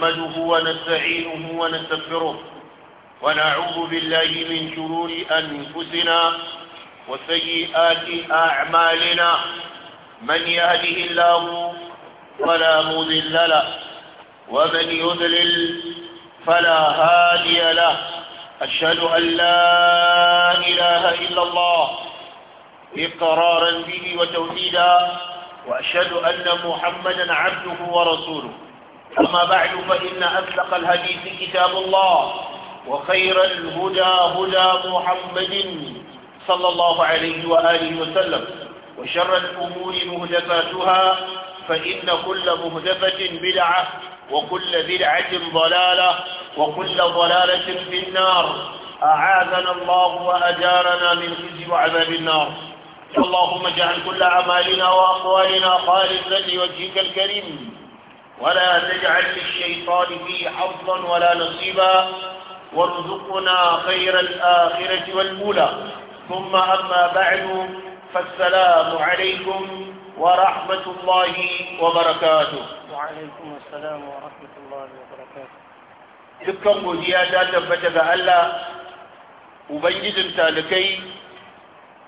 نحمده ونستعينه ونستغفره ونعوذ بالله من شرور أنفسنا وسيئات أعمالنا من يهده الله فلا مذل له ومن يذلل فلا هادي له أشهد أن لا إله إلا الله إقرارا به وتوحيدا وأشهد أن محمدا عبده ورسوله أما بعد فإن أصدق الحديث كتاب الله وخير الهدى هدى محمد صلى الله عليه وآله وسلم وشر الأمور مهدفاتها فإن كل مهدفة بدعة وكل بدعة ضلالة وكل ضلالة في النار أعاذنا الله وأجارنا من خزي وعذاب النار اللهم اجعل كل أعمالنا وأقوالنا خالصا لوجهك الكريم ولا تجعل للشيطان فيه حظا ولا نصيبا وارزقنا خير الآخرة والأولى ثم أما بعد فالسلام عليكم ورحمة الله وبركاته وعليكم السلام ورحمة الله وبركاته dukkan godiya ta tabbata ga Allah ubangijin talikai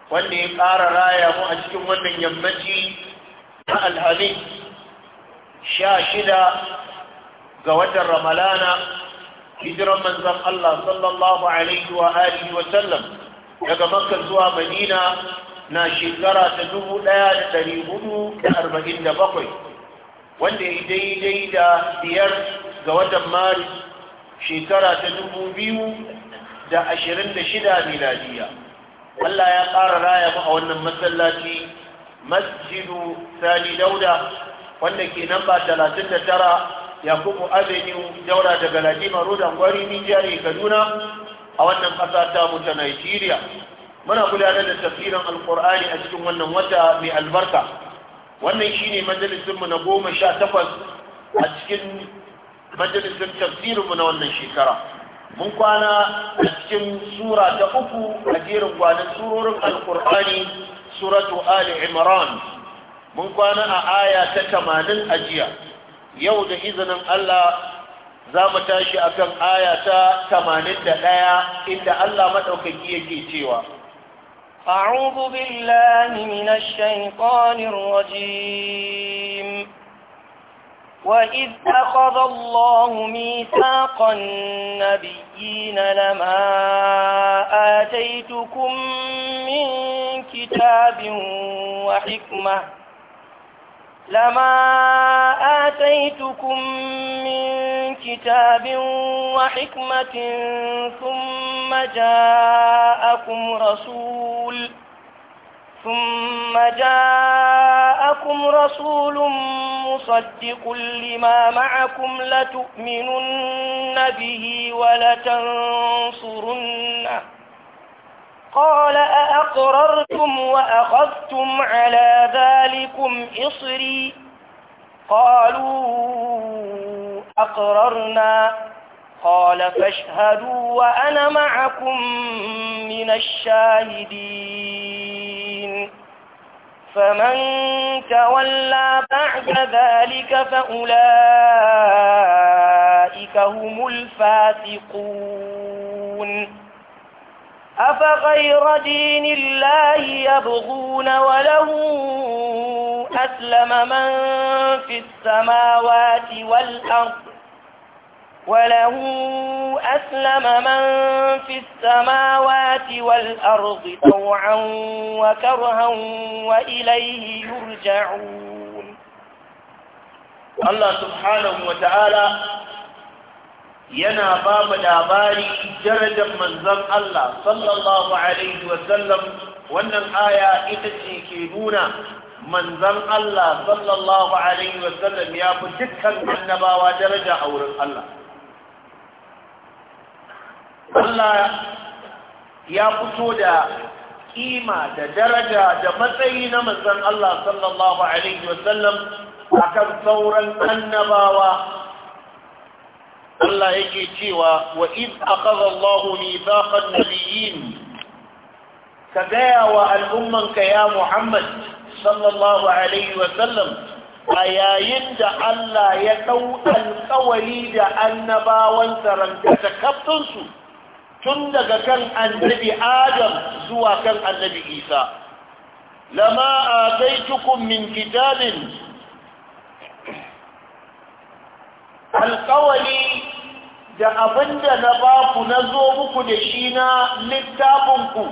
wanda ya ƙara raya mu a cikin wannan yammaci na sha shida ga watan ramalana hijiran manzan Allah sallallahu alaihi wa alihi wa sallam daga makka zuwa madina na shekara ta dubu ɗaya da ɗari hudu da arba'in da bakwai wanda ya daidai da biyar ga watan maris shekara ta dubu biyu da ashirin da shida miladiya Allah ya ƙara raya mu a wannan masallaci masjidu sani dauda wanda ke da tara yakubu avenue daura daga Lajima road angwari nijiyar kaduna a wannan ƙasa ta mu ta nigeria muna gudanar da tafsirin alkur'ani a cikin wannan wata mai albarka wannan shine majalisinmu na goma sha takwas a cikin majalisin tafsirinmu na wannan shekara mun kwana a cikin sura ta uku a jerin gwanin surorin alkur'ani suratu ali imran mun kwana a aya ta tamanin ajiya yau da izinin Allah za mu tashi akan aya ta tamanin da ɗaya inda Allah maɗaukaki yake cewa أعوذ بالله من الشيطان الرجيم وإذ أخذ الله ميثاق النبيين لما آتيتكم من كتاب وحكمة لما آتيتكم من كتاب وحكمة ثم جاءكم رسول ثم جاءكم رسول مصدق لما معكم لتؤمنن به ولتنصرنه قال أأقررتم وأخذتم على ذلكم إصري قالوا أقررنا قال فاشهدوا وأنا معكم من الشاهدين فمن تولى بعد ذلك فأولئك هم الفاسقون أفغير دين الله يبغون وله أسلم من في السماوات والأرض وله أسلم من في السماوات والأرض طوعا وكرها وإليه يرجعون الله سبحانه وتعالى yana ba mu labari darajar manzon Allah sallallahu alaihi wasallam wannan aya ita ce ke nuna manzon Allah sallallahu alaihi wasallam ya fi dukkan annabawa daraja a wurin Allah Allah ya fito da kima da daraja da matsayi na manzon Allah sallallahu alaihi wasallam akan sauran annabawa Allah yake cewa wa iz akhadha Allahu mithaqan nabiyyin ka gaya wa al'ummanka ya Muhammad sallallahu alaihi wa sallam a yayin da Allah ya ɗau alƙawari da annabawansa rankata kaftinsu tun daga kan annabi Adam zuwa kan annabi Isa. Lama a zaitukun min kitabin alƙawari da abinda na ba ku na zo muku da shi na littafinku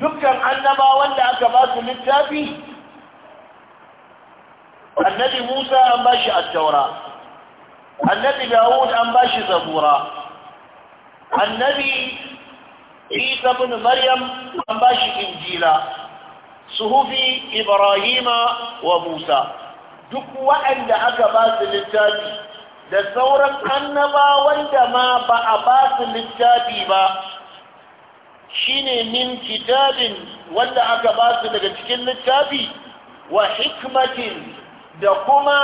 dukkan annaba wanda aka ba su littafi annabi musa an ba shi attaura annabi dawud an ba shi zabura annabi isa bin maryam an ba shi injila suhufi ibrahima wa musa duk waɗanda aka ba su littafi da sauran annabawan da ma ba a ba su littafi ba shine min kitabin wanda aka ba su daga cikin littafi wa hikmatin da kuma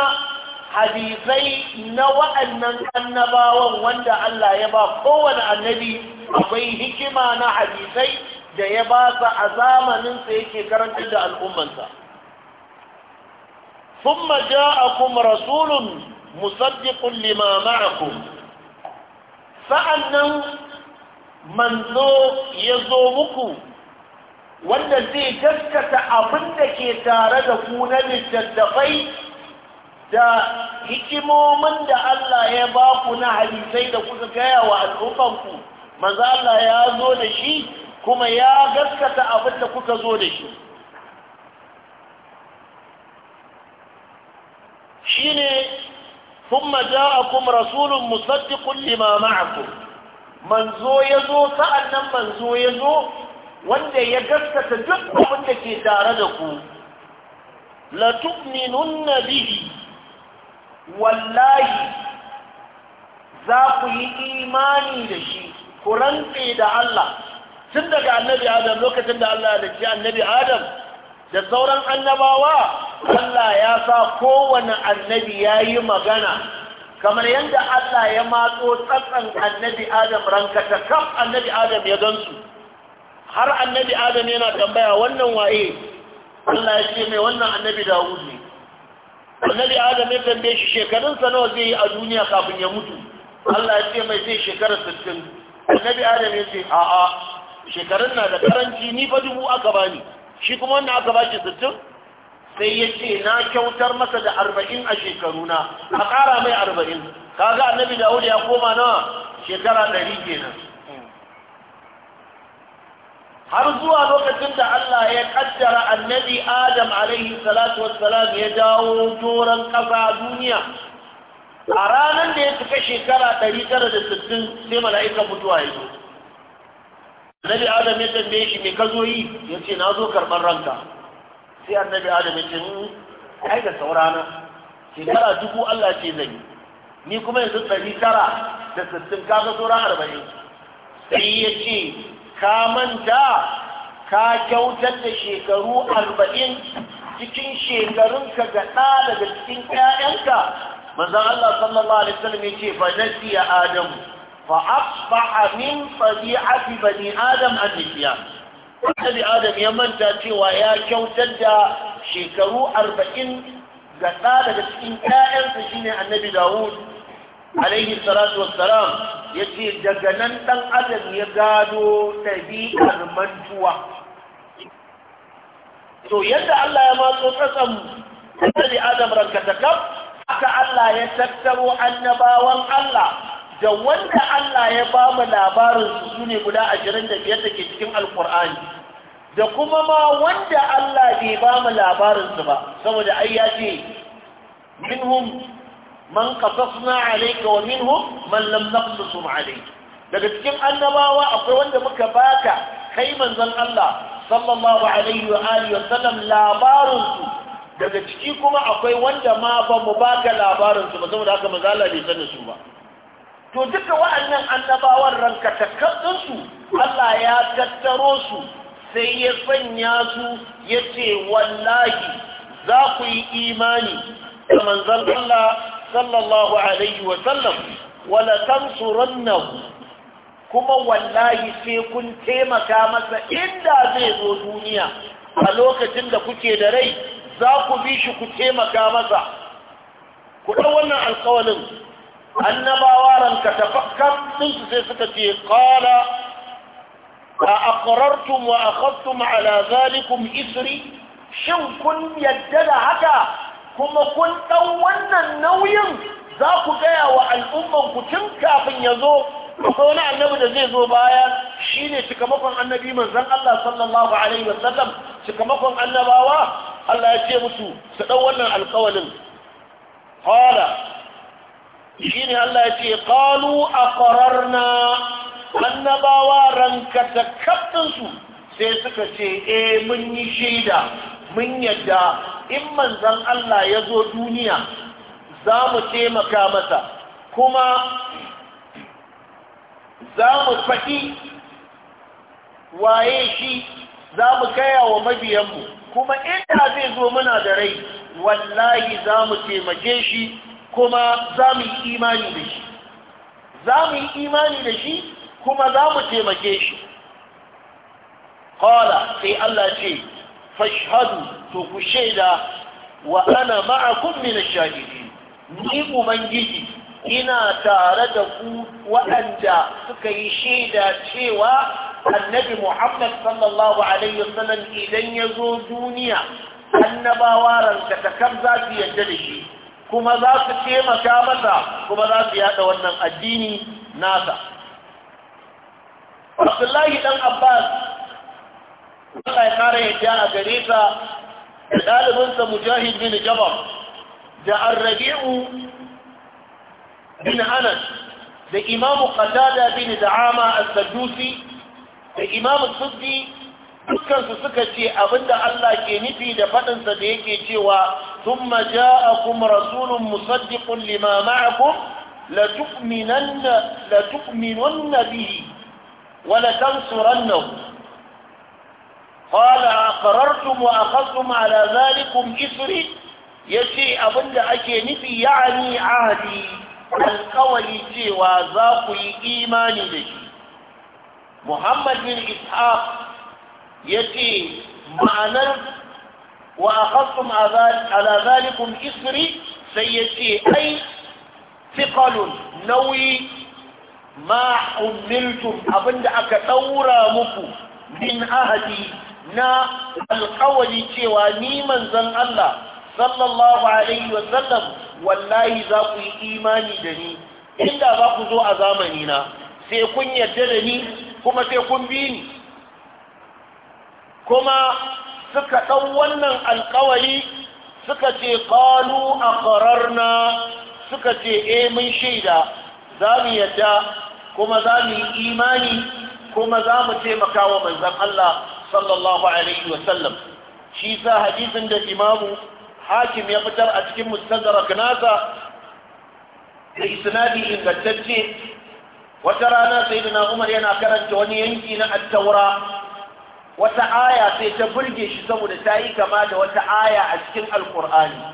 hadisai na wa'annan annabawan wanda Allah ya ba kowane annabi akwai hikima na hadisai da ya ba sa a zamaninsa yake karantar da al'ummansa. ثم جاءكم رسول musaddiqun lima ma'akum sa'annan manzo ya zo muku wanda zai gaskata abin da ke tare da ku na littattafai da hikimomin da Allah ya ba ku na hadisai da kuka gaya wa al'ummanku maza Allah ya zo da shi kuma ya gaskata abin da kuka zo da shi shine ثم جاءكم رسول مصدق لما معكم manzo yazo nan manzo yazo wanda ya gaskata duk abin da ke tare da ku la tu'minunna bihi wallahi za ku yi imani da shi ku rantse da Allah tun daga annabi Adam lokacin da Allah ya dace annabi Adam da sauran annabawa Allah ya sa kowane annabi ya yi magana kamar yadda Allah ya matso tsatsan annabi Adam rankata kam annabi Adam ya gansu har annabi Adam yana tambaya wannan waye Allah ya ce mai wannan annabi Dawud ne annabi Adam ya tambaye shi shekarun sa nawa zai yi a duniya kafin ya mutu Allah ya ce mai zai shekara 60 annabi Adam ya ce a'a shekarun na da karanci ni fa dubu aka bani shi kuma wannan aka baki 60 sai ya ce na kyautar masa da arba'in a shekaruna a ƙara mai arba'in Ka ga annabi dawud ya koma nawa shekara ɗari kenan har zuwa lokacin da Allah ya kaddara annabi Adam alaihi salatu wassalam ya dawo doron ƙasa duniya a ranar da ya cika shekara ɗari tara da sittin sai mala'ika mutuwa ya zo annabi Adam ya tambaye shi me ka zo yi ya ce na zo karɓar ranka sai annabi adam ya ce ni ai da saurana shekara dubu Allah ce zai yi ni kuma yanzu ɗari tara da sassin kaga saura arba'in sai ya ce ka manta ka kyautar da shekaru arba'in cikin shekarunka ga ɗa daga cikin ƴaƴanka manzon Allah sallallahu alaihi wasallam ya ce fa nasiya adam fa asbaha min tabi'ati bani adam an-nisyan annabi adam ya manta cewa ya kyautar da shekaru arba'in ga ɗa daga cikin ƴaƴansa shine annabi dawud alaihi salatu wassalam ya ce daga nan ɗan adam ya gado ɗabi'ar mantuwa to yadda allah ya matso tsatsan annabi adam rankatakaf haka allah ya tattaro annabawan allah da wanda Allah ya ba mu labarinsu su ne guda ashirin da biyar da ke cikin alkur'ani da kuma ma wanda Allah bai ba mu labarinsu ba saboda ai ya ce minhum man qasasna alayka wa minhum man lam naqsusum alayka daga cikin annabawa akwai wanda muka baka kai manzon Allah sallallahu alaihi wa alihi wa sallam labarinsu daga ciki kuma akwai wanda ma ba mu baka labarinsu ba saboda haka manzo Allah bai sanin su ba to duka wa'annan annabawan ranka takaddinsu Allah ya tattaro su sai ya sanya su ya ce wallahi za ku yi imani da manzan Allah sallallahu alaihi wa sallam wala kuma wallahi sai kun taimaka masa inda zai zo duniya a lokacin da kuke da rai za ku bi shi ku taimaka masa ku ɗan wannan alƙawalin annabawa ranka tafakkar sun su sai suka ce qala a aqrartum wa akhadtum ala zalikum isri shin kun yadda da haka kuma kun ɗan wannan nauyin za ku gaya wa al'umman ku tun kafin ya zo Ko wani annabi da zai zo baya shi ne cikamakon annabi manzan Allah sallallahu alaihi wasallam cikamakon annabawa Allah ya ce musu su ɗau wannan alƙawalin hala shi Allah ya ce ƙalu a ƙararna annabawa ranka ta kaftinsu sai suka ce e mun yi shaida mun yadda in manzan Allah ya zo duniya za mu taimaka masa kuma za mu faɗi waye shi za mu kaya wa mabiyanmu kuma inda zai zo muna da rai wallahi za mu taimake shi kuma za mu yi imani da shi za mu yi imani da shi kuma za mu taimake shi Kola sai Allah ce fashhadu to ku shaida wa ana ma'akum min ni ubangiji ina tare da ku waɗanda suka yi shaida cewa annabi Muhammad sallallahu alaihi wasallam idan ya zo duniya annabawa ranka ta kam za su yadda da shi kuma za su taimaka masa kuma za su yada wannan addini nasa abdullahi dan abbas Allah ya kare yadda a gare sa da ɗalibinsa mujahid bin jabal da arrabi'u bin anas da imamu qatada bin da'ama as-sadusi da imamu suddi dukkansu suka ce abinda Allah ke nufi da faɗinsa da yake cewa ثم جاءكم رسول مصدق لما معكم لتؤمنن, لتؤمنن به ولتنصرنه قال أقررتم وأخذتم على ذلكم إسري يشي أبن أكي نفي يعني عهدي القولي جي وذاقي إيماني به محمد بن إسحاق يشي معنى wa akhastum ala zalikum isri sai ya ce ai fiqalun nauyi ma Abin abinda aka daura muku min ahadi na alƙawari cewa ni manzon Allah sallallahu alaihi wa sallam wallahi za ku yi imani da ni inda za ku zo a zamani na sai kun yarda da ni kuma sai kun bi ni kuma suka ɗau wannan alkawari suka ce ƙalu a ƙararna suka ce e mun shaida za mu yadda kuma za mu yi imani kuma za mu taimaka wa manzan Allah sallallahu alaihi wasallam shi sa hadisin da imamu hakim ya fitar a cikin mustadrak nasa da isnadi ingantacce wata rana Saidu Umar yana karanta wani yanki na Attaura. taura wata aya sai ta burge shi saboda ta yi kama da wata aya a cikin alkur'ani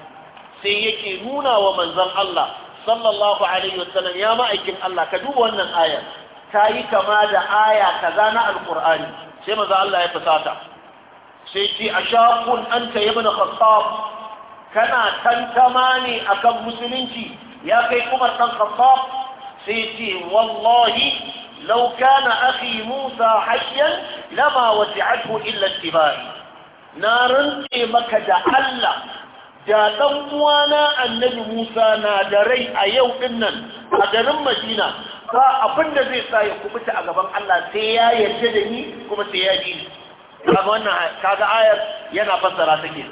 sai yake nuna wa manzon Allah sallallahu alaihi wasallam ya ma'aikin Allah ka duba wannan ayar ta yi kama da aya kaza na alkur'ani sai manzon Allah ya fusata sai ce ta anta mana khattab kana tantama ne akan musulunci ya kai Umar dan Khattab sai ce wallahi لو كان أخي موسى حيا لما وسعته إلا اتباعي نارا إمك جعل جاء وانا النبي موسى نادري أيو إنا أجرم مدينة فأبن نبي سايا كبت أغبان الله سيا يجدني كما سيا جيني كما أن كذا آية ينا فسرها تكيني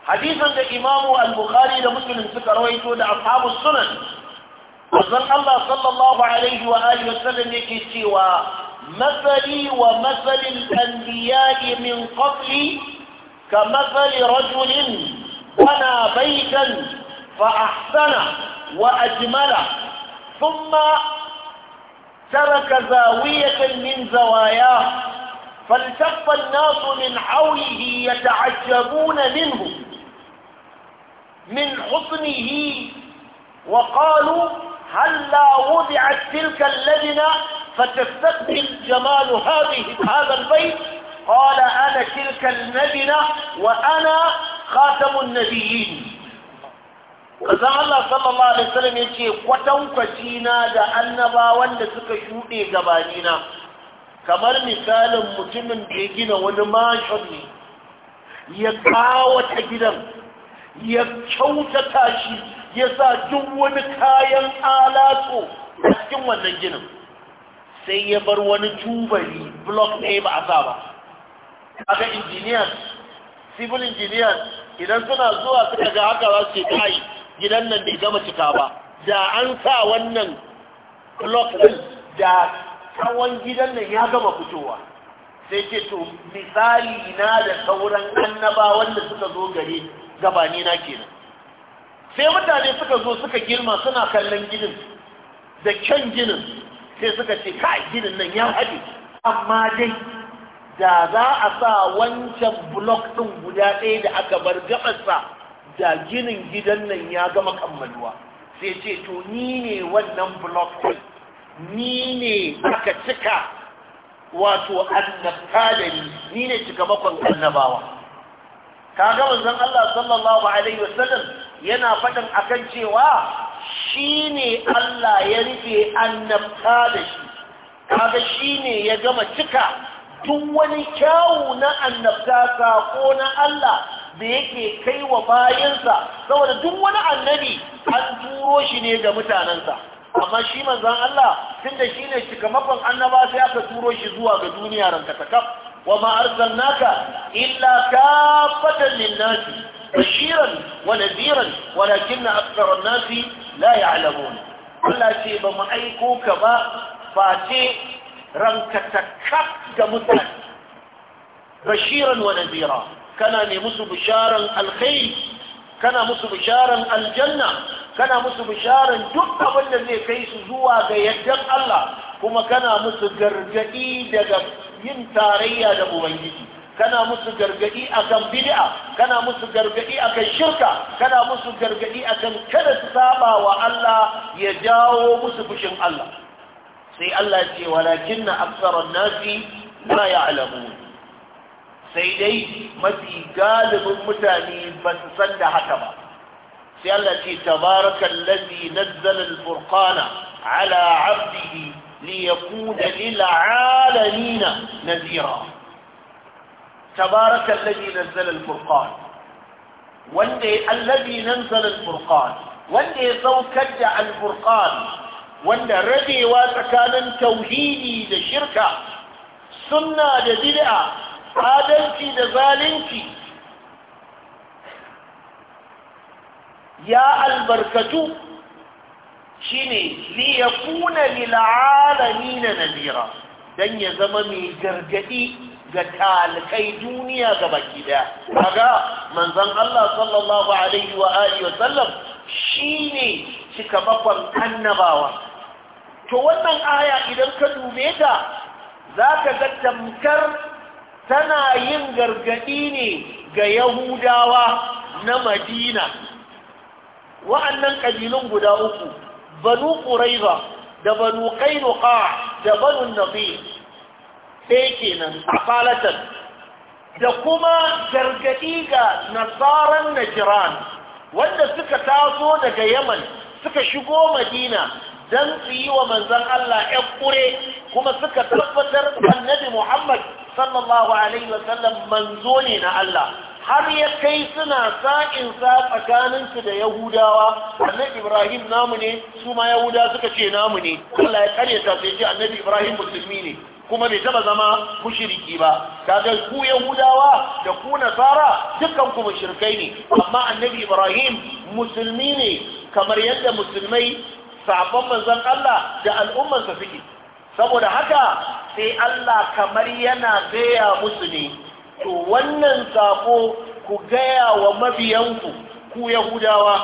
hadisin da imamu al-bukhari da muslim suka rawaito da ashabu sunan manzon الله صلى الله عليه وآله وسلم yake مثلي ومثل الأنبياء من قبلي كمثل رجل بنى بيتا فأحسنه وأجمله ثم ترك زاوية من زواياه فالتف الناس من حوله يتعجبون منه من حسنه وقالوا هلا وضعت تلك اللجنة فتستقبل جمال هذه هذا البيت قال أنا تلك اللجنة وأنا خاتم النبيين Kazan Allah sallallahu Alaihi wasallam ya ce, Kwatankwaci na da annabawan da suka shuɗe gabanina, kamar misalin mutumin da ya gina wani mashon ne, ya kawata gidan, ya kyautata shi, ya sa duk wani kayan alatu a cikin wannan ginin sai ya bar wani tubali block ɗaya ba a sa ba aka engineers civil engineers idan suna zuwa suka ga haka za su kai gidan nan bai gama cika ba da an sa wannan block ɗin da tsawon gidan nan ya gama fitowa sai ce to misali na da sauran annabawan wanda suka zo gare gabanina kenan sai mutane suka zo suka girma suna kallon ginin da kyan ginin sai suka ce kai ginin nan ya haɗe amma dai da za a sa wancan blok ɗin guda ɗaya da aka bar gabarsa da ginin gidan nan ya gama kammaluwa sai ce to ni ne wannan blok ɗin ni ne aka cika wato annabta da ni ni ne cika bakon annabawa kaga manzon Allah sallallahu alaihi wasallam yana faɗin akan cewa shine Allah ya rufe annabta da shi kaga shine ya gama cika duk wani kyawu na annabta sako na Allah da yake kai wa bayansa saboda duk wani annabi an turo shi ne ga mutanensa amma shi manzon Allah tunda shine mafan annaba sai aka turo shi zuwa ga duniya ranka kaf وما أرسلناك إلا كافة للناس بشيرا ونذيرا ولكن أكثر الناس لا يعلمون Allah ce ba mu aiko ka ba face ranka ta kaf ga mutane bashiran wa kana ne musu bisharan alkhairi kana musu bisharan aljanna kana musu bisharan duk abin da zai kai su zuwa ga yaddan Allah kuma kana musu gargadi daga yin tarayya da ubangiji kana musu gargadi akan bid'a kana musu gargadi akan shirka kana musu gargadi akan kada su saba wa Allah ya jawo musu fushin Allah sai Allah ce walakin aktharun nasi la ya'lamun sai dai mafi galibin mutane ba su san da haka ba sai Allah ce tabarakallazi nazzala al-furqana ala 'abdihi ليكون للعالمين نذيرا تبارك الذي نزل الفرقان وندي الذي نزل الفرقان وندي سوكد الفرقان وندي ردي واتكان توحيدي لشركة سنة لبدعة adalci da zalunci ya albarkatu shine li yakuna lil alamin nadira dan ya zama mai gargadi ga talakai duniya ga baki daya kaga manzon Allah sallallahu alaihi wa alihi wa sallam shine cikamakon annabawa to wannan aya idan ka dube ta zaka ga tamkar tana yin gargadi ne ga yahudawa na madina wa'annan kabilun guda uku banu quraiza da banu qainuqa da banu nadir sai kenan afalatan da kuma gargadi ga nasaran najran wanda suka taso daga yaman suka shigo madina dan su yi wa manzon Allah yan ƙure kuma suka tabbatar annabi Muhammad sallallahu alaihi wasallam manzo ne na Allah har ya kai suna sa'in sa tsakaninsu da yahudawa annabi ibrahim namu ne su ma yahuda suka ce namu ne Allah ya kare sai ce annabi ibrahim musulmi ne kuma bai taba zama mushiriki ba kaga ku yahudawa da ku nasara dukanku ku mushrikai ne amma annabi ibrahim musulmi ne kamar yadda musulmai sabon manzan Allah da al'ummarsa suke saboda haka sai Allah kamar yana gaya musu ne to wannan sako ku gaya wa mabiyanku ku yahudawa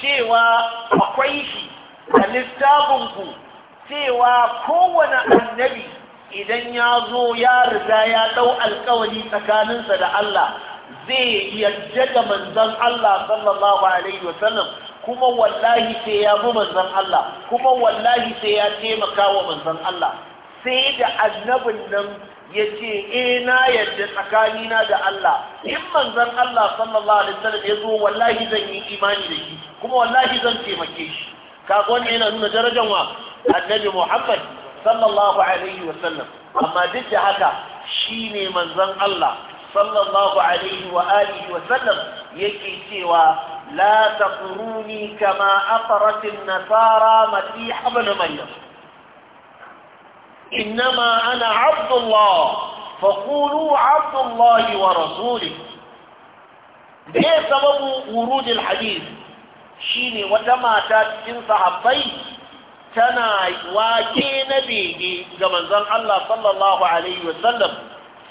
cewa akwai shi a littafinku cewa kowane annabi idan ya zo ya riga ya ɗau alkawari tsakaninsa da Allah zai yarda da manzon Allah sallallahu alaihi wasallam kuma wallahi sai ya bi manzan Allah kuma wallahi sai ya taimaka wa manzon Allah sai da annabin nan ya ce eh yadda tsakanina da Allah in manzan Allah sallallahu alaihi wasallam ya zo wallahi zan yi imani da shi kuma wallahi zan taimake shi kaga wannan yana nuna darajar wa annabi Muhammad sallallahu alaihi wasallam amma duk da haka shine manzan Allah sallallahu alaihi wa alihi wasallam yake cewa la taquruni kama aqrat an-nasara masih ibn maryam إنما أنا عبد الله فقولوا عبد الله ورسوله ده سبب ورود الحديث شيني وتما تاتين صحابي تنا واجي نبيجي كمنزل الله صلى الله عليه وسلم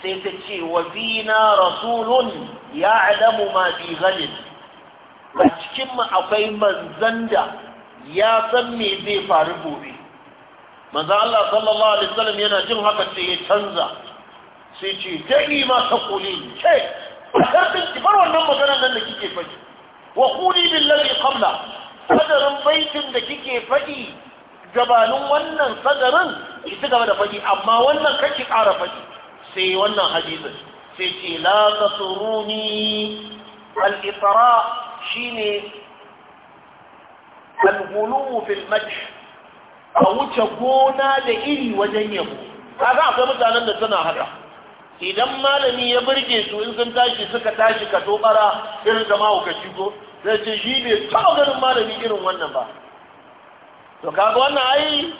سيتشي وفينا رسول يعلم ما في غد أتكم أقيم من زند يا سمي بي فاربوبي manzo Allah sallallahu alaihi wasallam yana jin haka sai ya canza sai ce dai ta kuli kai karbin ki bar wannan maganar nan da kike faɗi wa bin billahi qabla sadarin baitin da kike faɗi gabanin wannan sadarin ki ci gaba da faɗi amma wannan kake ƙara faɗi sai wannan hadisin sai ce la tasuruni al-itara shine al-ghulu fil majh a wuce gona da iri wajen yabo kaga akwai mutanen da suna haka idan malami ya burge su in sun tashi suka tashi ka tobara irin zama mahaukaci ko zai ce shi bai taɓa ganin malami irin wannan ba to kaga wannan ai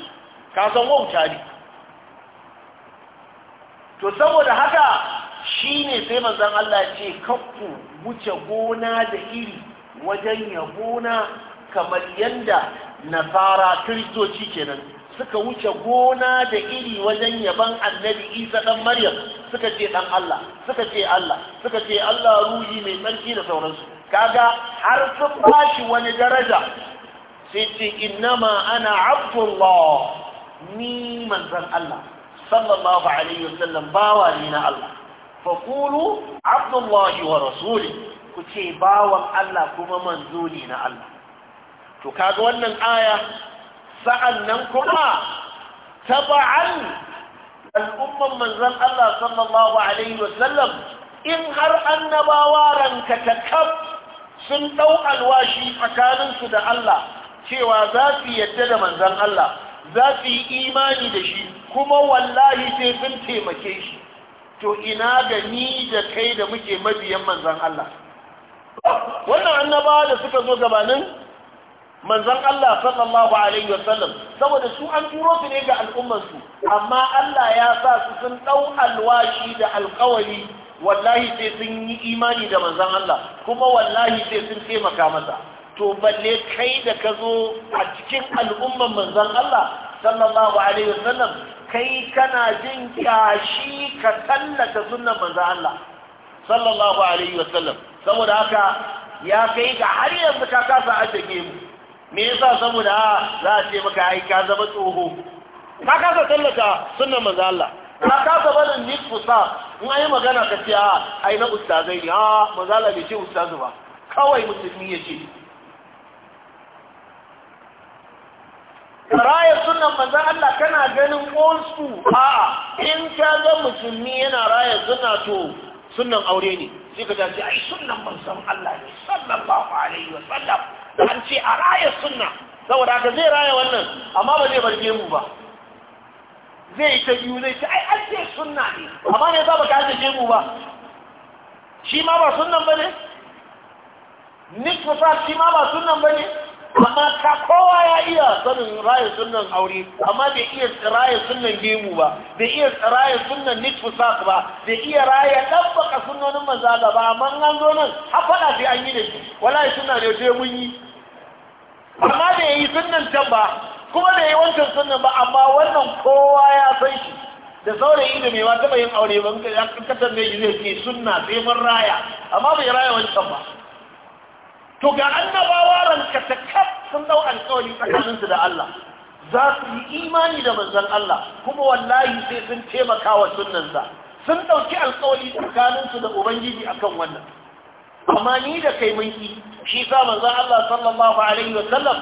ka san wauta ne to saboda haka shi ne sai manzon Allah ce kakku wuce gona da iri wajen yabona kamar yanda nasara kiristoci kenan suka wuce gona da iri wajen yaban annabi isa dan maryam suka ce dan allah suka ce allah suka ce allah ruhi mai tsarki da sauransu kaga har sun bashi wani daraja sai ce innama ana abdullah ni manzon allah sallallahu alaihi wasallam bawa ne na allah faqulu abdullahi wa rasuli ku ce bawan allah kuma manzo ne na allah to kaga wannan aya sa'an nan kuma taba'an al'umman manzan Allah sallallahu Alaihi wasallam in har annabawa ranka ta kaf sun ɗau alwashi tsakaninsu da Allah cewa za su yadda da manzan Allah za su yi imani da shi kuma wallahi sai sun taimake shi to ina ga ni da kai da muke mabiyan manzan Allah wannan annabawa da suka zo gabanin Manzan Allah sallallahu alaihi wasallam saboda su an turo su ne ga al'ummarsu amma Allah ya sa su sun dau alwashi da alƙawari wallahi sai sun yi imani da manzan Allah kuma wallahi sai sun taimaka masa to balle kai da ka zo a cikin al'ummar manzan Allah sallallahu alaihi wasallam kai kana jin kyashi ka tallata sunnan manzan Allah sallallahu alaihi wasallam saboda haka ya kai ga har yanzu ka kasa ajiye mu me yasa saboda za a ce maka ai ka zama tsoho ka kasa tallata sunan manzo Allah ka kasa barin nisfu sa in ai magana ka ce a ah, ai na ustazai ne a ah, manzo Allah bai ce ustazu ba kawai musulmi ya ce raya sunan manzo Allah kana ganin old school a'a in ka ga musulmi yana raya suna to sunnan aure ne sai ka dace ai sunnan manzo Allah ne sallallahu alaihi wa sallam an ce a raya suna saboda ka zai raya wannan amma ba zai bar gemu ba zai yi ta biyu zai ce ai an ce suna ne amma ne za ba ka haɗa gemu ba shi ma ba sunan ba ne Nick nifasa shi ma ba sunan ba ne amma ka kowa ya iya sanin raye sunan aure amma bai iya raye sunan gemu ba bai iya raye sunan nitfusak ba bai iya raye dabbaka sunonin manzala ba amma an zo nan har fada sai an yi da shi wallahi suna ne sai mun yi amma da yi sunan can ba kuma da yi wancan sunan ba amma wannan kowa ya san shi da saurayi da mai wata yin aure ba muka ya katar da zai sunna sai mun raya amma bai raya wancan ba to ga annabawa ranka kaf sun dau alƙawari tsakaninsu da Allah za su yi imani da manzon Allah kuma wallahi sai sun taimaka wa sunnansa sun ɗauki alƙawari tsakaninsu da ubangiji akan wannan amma ni da kai mun ki shi sa manzo Allah sallallahu alaihi wa sallam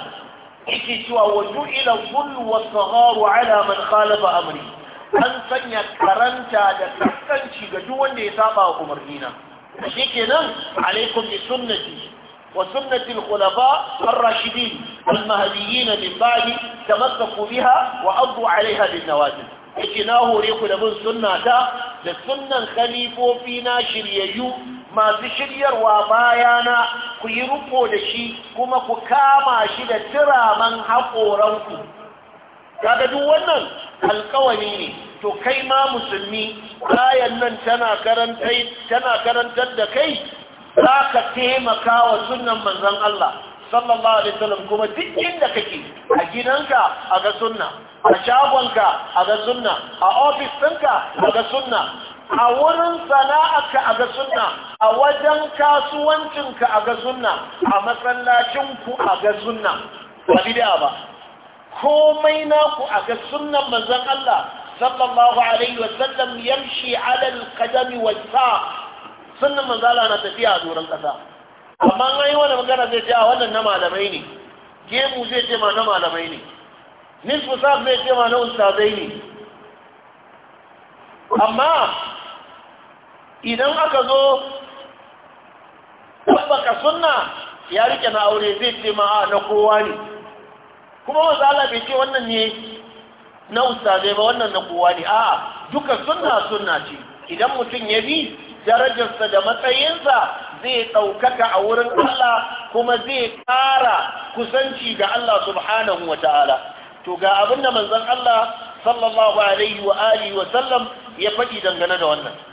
yake cewa wa ju'ila wa ala man khalafa amri an sanya karanta da kaskanci ga duk wanda ya saba wa umarnina shikenan alaikum bi sunnati وسنة الخلفاء الراشدين المهديين من بعد تمسكوا بها وأضوا عليها بالنوازل إكناه ريق لمن da sunnan الخليف na shiryayyu masu shiryarwa bayana ku yi rufo da shi kuma ku kama shi da tiraman haƙoranku kaga duk wannan alƙawari ne to kai ma musulmi bayan nan tana karantar da kai za ka taimaka wa sunan manzon Allah sallallahu alaihi wasallam kuma duk inda kake a gidanka a ga sunna a shagonka a ga sunna a ofis ɗinka a ga sunna a wurin sana'arka a ga sunna a wajen kasuwancinka a ga sunna a masallacinku a ga sunna ba bid'a ba komai naku a ga sunnan manzon Allah sallallahu alaihi wa sallam yamshi ala alqadami qadami wa sa sunnan manzon Allah na tafiya a doron kasa amma an yi magana zai ce a wannan na malamai ne gemu zai ce ma na malamai ne nisfu sa zai ce ma na ustazai ne amma idan aka zo tabbaka sunna ya rike na aure zai ce ma na kowa ne kuma wasu ala bai ce wannan ne na ustazai ba wannan na kowa ne a duka sunna sunna ce idan mutum ya bi darajarsa da matsayinsa zai ɗaukaka a wurin Allah kuma zai ƙara kusanci ga Allah subhanahu wa ta'ala to ga abinda da manzon Allah sallallahu alaihi wa alihi wa sallam ya faɗi dangane da wannan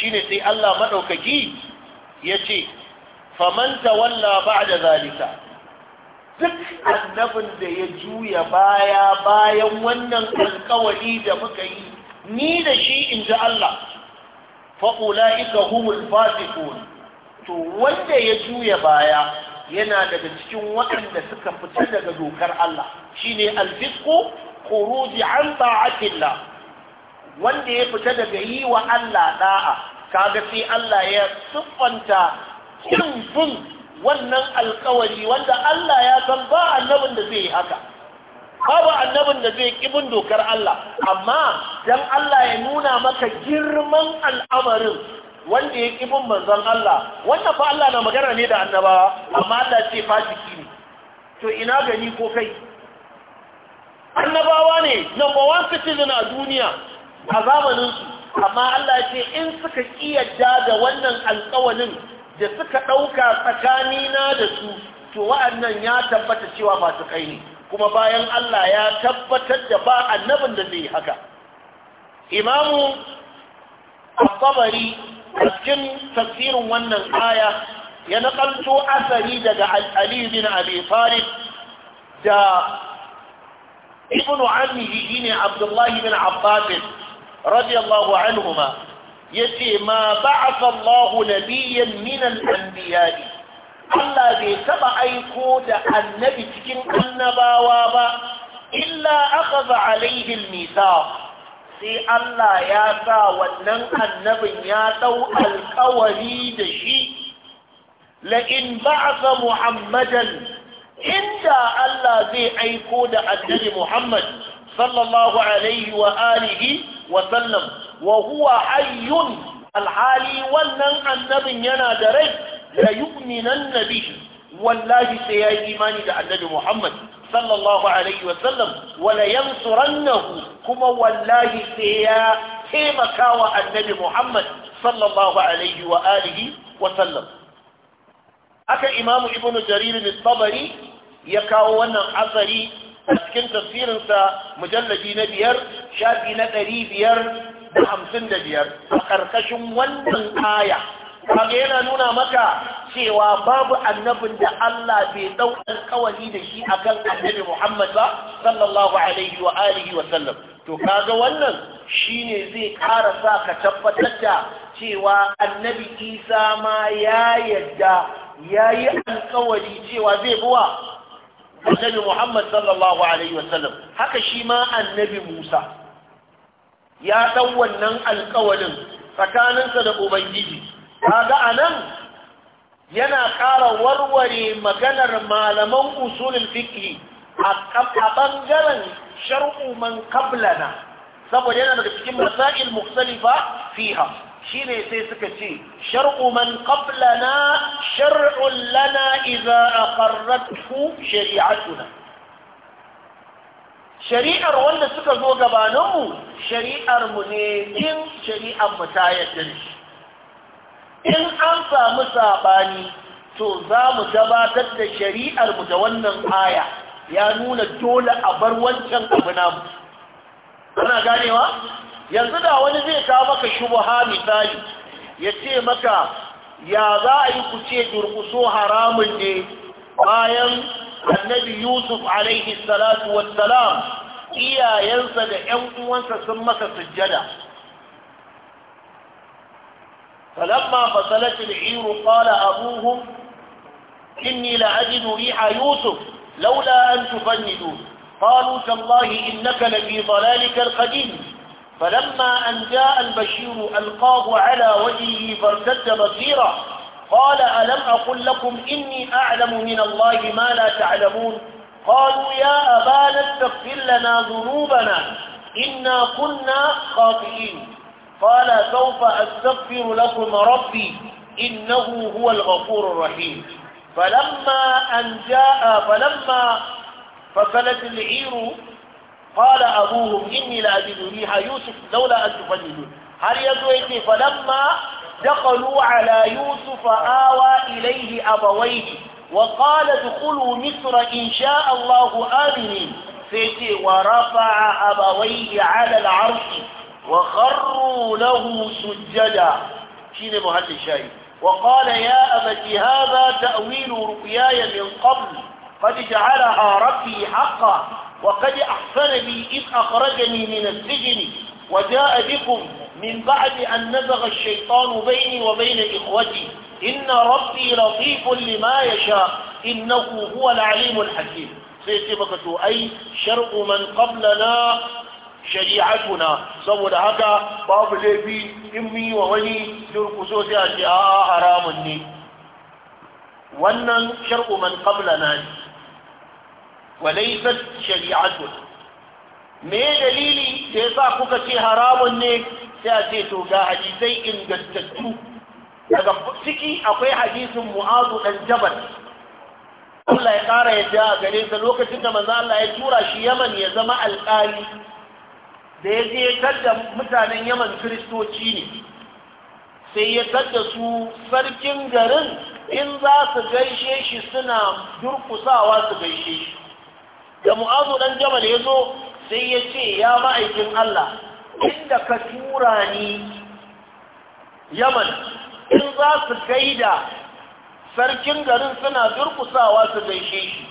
shine sai Allah madaukaki yace faman tawalla ba'da zalika duk annabin da ya juya baya bayan wannan alkawari da muka yi ni da shi in ji Allah fa'ula'ika humul fasikun to wanda ya juya baya yana daga cikin waɗanda suka fita daga dokar Allah shine alfisku khuruji an ta'atillah wanda ya fita daga yi wa Allah da'a kaga sai Allah ya siffanta irin bin wannan alkawari wanda Allah ya san ba annabin da zai yi haka babu annabin da zai ƙi dokar Allah amma dan Allah ya nuna maka girman al'amarin wanda ya kibin manzon Allah wannan fa Allah na magana ne da annabawa amma Allah ce fasiki ne to ina gani ko kai annabawa ne number one citizen a duniya a zamaninsu amma Allah ce in suka yarda da wannan alƙawalin da suka ɗauka tsakanina da su to wa'annan ya tabbata cewa masu kai ne kuma bayan Allah ya tabbatar da ba annabin da zai haka imamu al-tabari cikin tafsirin wannan aya ya naƙalto asari daga al'ali bin abi talib da ibnu ammihi shine abdullahi bin abbasin radiyallahu anhuma yace ma ba'atha Allahu nabiyyan min al-anbiya'i Allah bai taɓa aiko da annabi cikin annabawa ba illa akhadha alayhi al nisa sai Allah ya sa wannan annabin ya ɗau alƙawari da shi la in ba'atha Muhammadan inda Allah zai aiko da annabi Muhammad sallallahu alaihi wa alihi wasallam sallam wa huwa hayyun alhali wannan annabin yana da rai da yu'minan nabi wallahi sai ya yi imani da annabi Muhammad sallallahu alaihi wa sallam yansurannahu kuma wallahi sai ya taimaka wa annabi Muhammad sallallahu alaihi wa alihi sallam imamu ibnu jarir al-tabari ya kawo wannan asari a cikin tafsirinsa mujallabi na biyar shafi na ɗari biyar da hamsin da biyar a ƙarƙashin wannan aya kaga yana nuna maka cewa babu annabin da Allah bai ɗaukar kawali da shi akan annabi Muhammad ba sallallahu alaihi wa alihi wa sallam to kaga wannan shine zai ƙara sa ka tabbatar da cewa annabi Isa ma ya yadda yayi alkawari cewa zai buwa annabi Muhammad sallallahu alaihi wa sallam haka shi ma annabi Musa ya ɗan wannan alkawalin tsakaninsa da ubangiji kaga a nan yana ƙara warware maganar malaman usulin fikri a ɓangaren shar'u man kablana saboda yana daga cikin masail mukhsalifa fiha ne sai suka ce shar'u man qablana shar'un lana idza aqarrathu shari'atuna shari'ar wanda suka zo gabaninmu shari'ar mu ne in shari'ar mu ta yadda shi in an samu sabani to za mu gabatar da shari'ar mu da wannan aya ya nuna dole a bar wancan abu namu kana ganewa yanzu da wani zai kawo maka shubha misali ya ce maka ya za a yi ku ce durkuso haramun ne bayan النبي يوسف عليه الصلاة والسلام إيا ينسى لأوت وانسى سمك سجدا فلما فصلت العير قال أبوهم إني لأجد ريح يوسف لولا أن تفندوا قالوا تالله إنك لفي ضلالك القديم فلما أن جاء البشير ألقاه على وجهه فارتد بصيره قال ألم أقل لكم إني أعلم من الله ما لا تعلمون قالوا يا أبانا استغفر لنا ذنوبنا إنا كنا خاطئين قال سوف أستغفر لكم ربي إنه هو الغفور الرحيم فلما أن جاء فلما ففلت العير قال أبوهم إني لأجد ريح يوسف لولا أن تفجدون هل يدويتي فلما دخلوا على يوسف آوى إليه أبويه وقال ادخلوا مصر إن شاء الله آمنين فتي ورفع أبويه على العرش وخروا له سجدا شين مهد الشاهد وقال يا أبت هذا تأويل رؤياي من قبل قد جعلها ربي حقا وقد أحسن بي إذ أخرجني من السجن وجاء بكم من بعد أن نزغ الشيطان بيني وبين إخوتي إن ربي لطيف لما يشاء إنه هو العليم الحكيم سيتبكة أي شرع من قبلنا shari'atuna saboda haka babu laifi in mu yi wa wani durkuso sai a ce a haramun ne wannan shar'u man qablana ne wa me dalili da kuka ce haramun ne sai a ce to ga hadisai ingantattu daga ciki akwai hadisin mu'azu dan jabal Allah ya ƙara ya a gare sa lokacin da manzo Allah ya tura shi Yaman ya zama alƙali da ya je tadda mutanen Yaman Kiristoci ne sai ya tadda su sarkin garin in za su gaishe shi suna durkusawa su gaishe shi da mu'azu dan jabal ya zo sai ya ce ya ma'aikin Allah inda ka tura ni yaman in za su gaida sarkin garin suna durkusawa su gaishe shi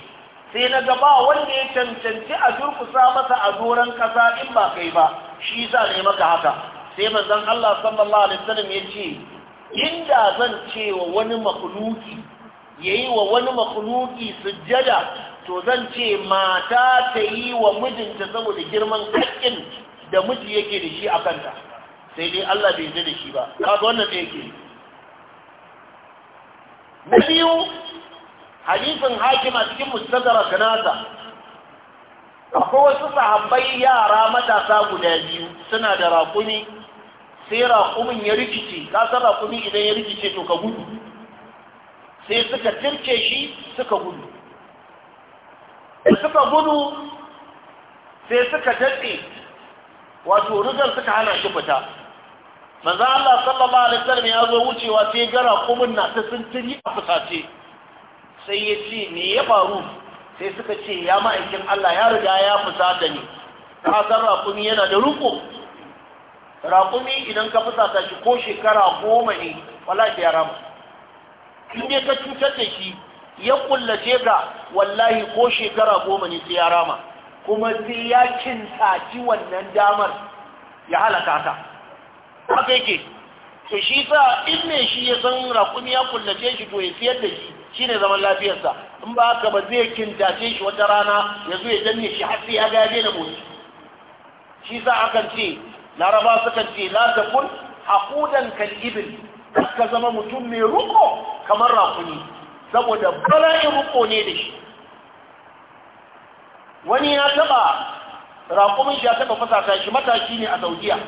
sai na gaba wanda ya cancanci a durkusa masa a doron kasa in ba kai ba shi za ne maka haka sai manzon Allah sallallahu alaihi wasallam ya ce inda zan ce wa wani makhluki yayi wa wani makhluki sujjada to zan ce mata ta yi wa mijinta saboda girman hakkin da miji yake da shi a kanta sai dai Allah bai yarda da shi ba kaga wannan da yake na biyu hadisin hakima a cikin mustadara kanasa akwai wasu sahabbai yara matasa guda biyu suna da raƙumi sai raƙumin ya rikice ka san raƙumi idan ya rikice to ka gudu sai suka tirce shi suka gudu suka gudu sai suka tatse. wato rigar suka hana shi fita manzo Allah sallallahu alaihi wasallam ya zo wucewa sai gara kubun na ta sintiri a fusace sai ya ce me ya faru sai suka ce ya ma'aikin Allah ya riga ya fusata ne ka san raƙumi yana da ruku raƙumi idan ka fusata shi ko shekara goma ne wallahi ya rama in dai ka cutar da shi ya kullace ga wallahi ko shekara goma ne sai ya rama kuma sai ya kintaci wannan damar ya halaka ta haka yake to shi sa in ne shi ya san rakumi ya kullace shi to ya siyar da shi ne zaman lafiyarsa in ba haka ba zai kintace shi wata rana ya zo ya danne shi har sai ya ga ya motsi shi sa akan ce laraba sukan ce la takun haƙudan kan ibil ka zama mutum mai ruko kamar raƙumi saboda bala'in ruko ne da shi wani ya taba raƙumin shi ya taba fasata shi mataki ne a saudiya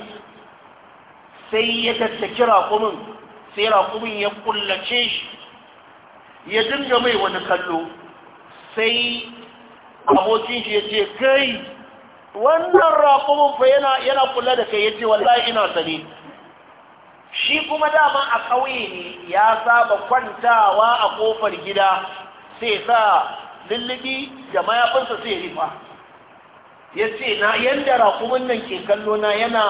sai ya tattaki raƙumin sai raƙumin ya kullace shi ya dinga mai wani kallo sai abokin shi ya ce kai wannan raƙumin fa yana kula da kai ya ce wallahi ina sani shi kuma dama a ƙauye ne ya saba kwantawa a ƙofar gida sai sa lullubi da mayafinsa sai rifa ya ce na yadda rakumin nan ke kallo na yana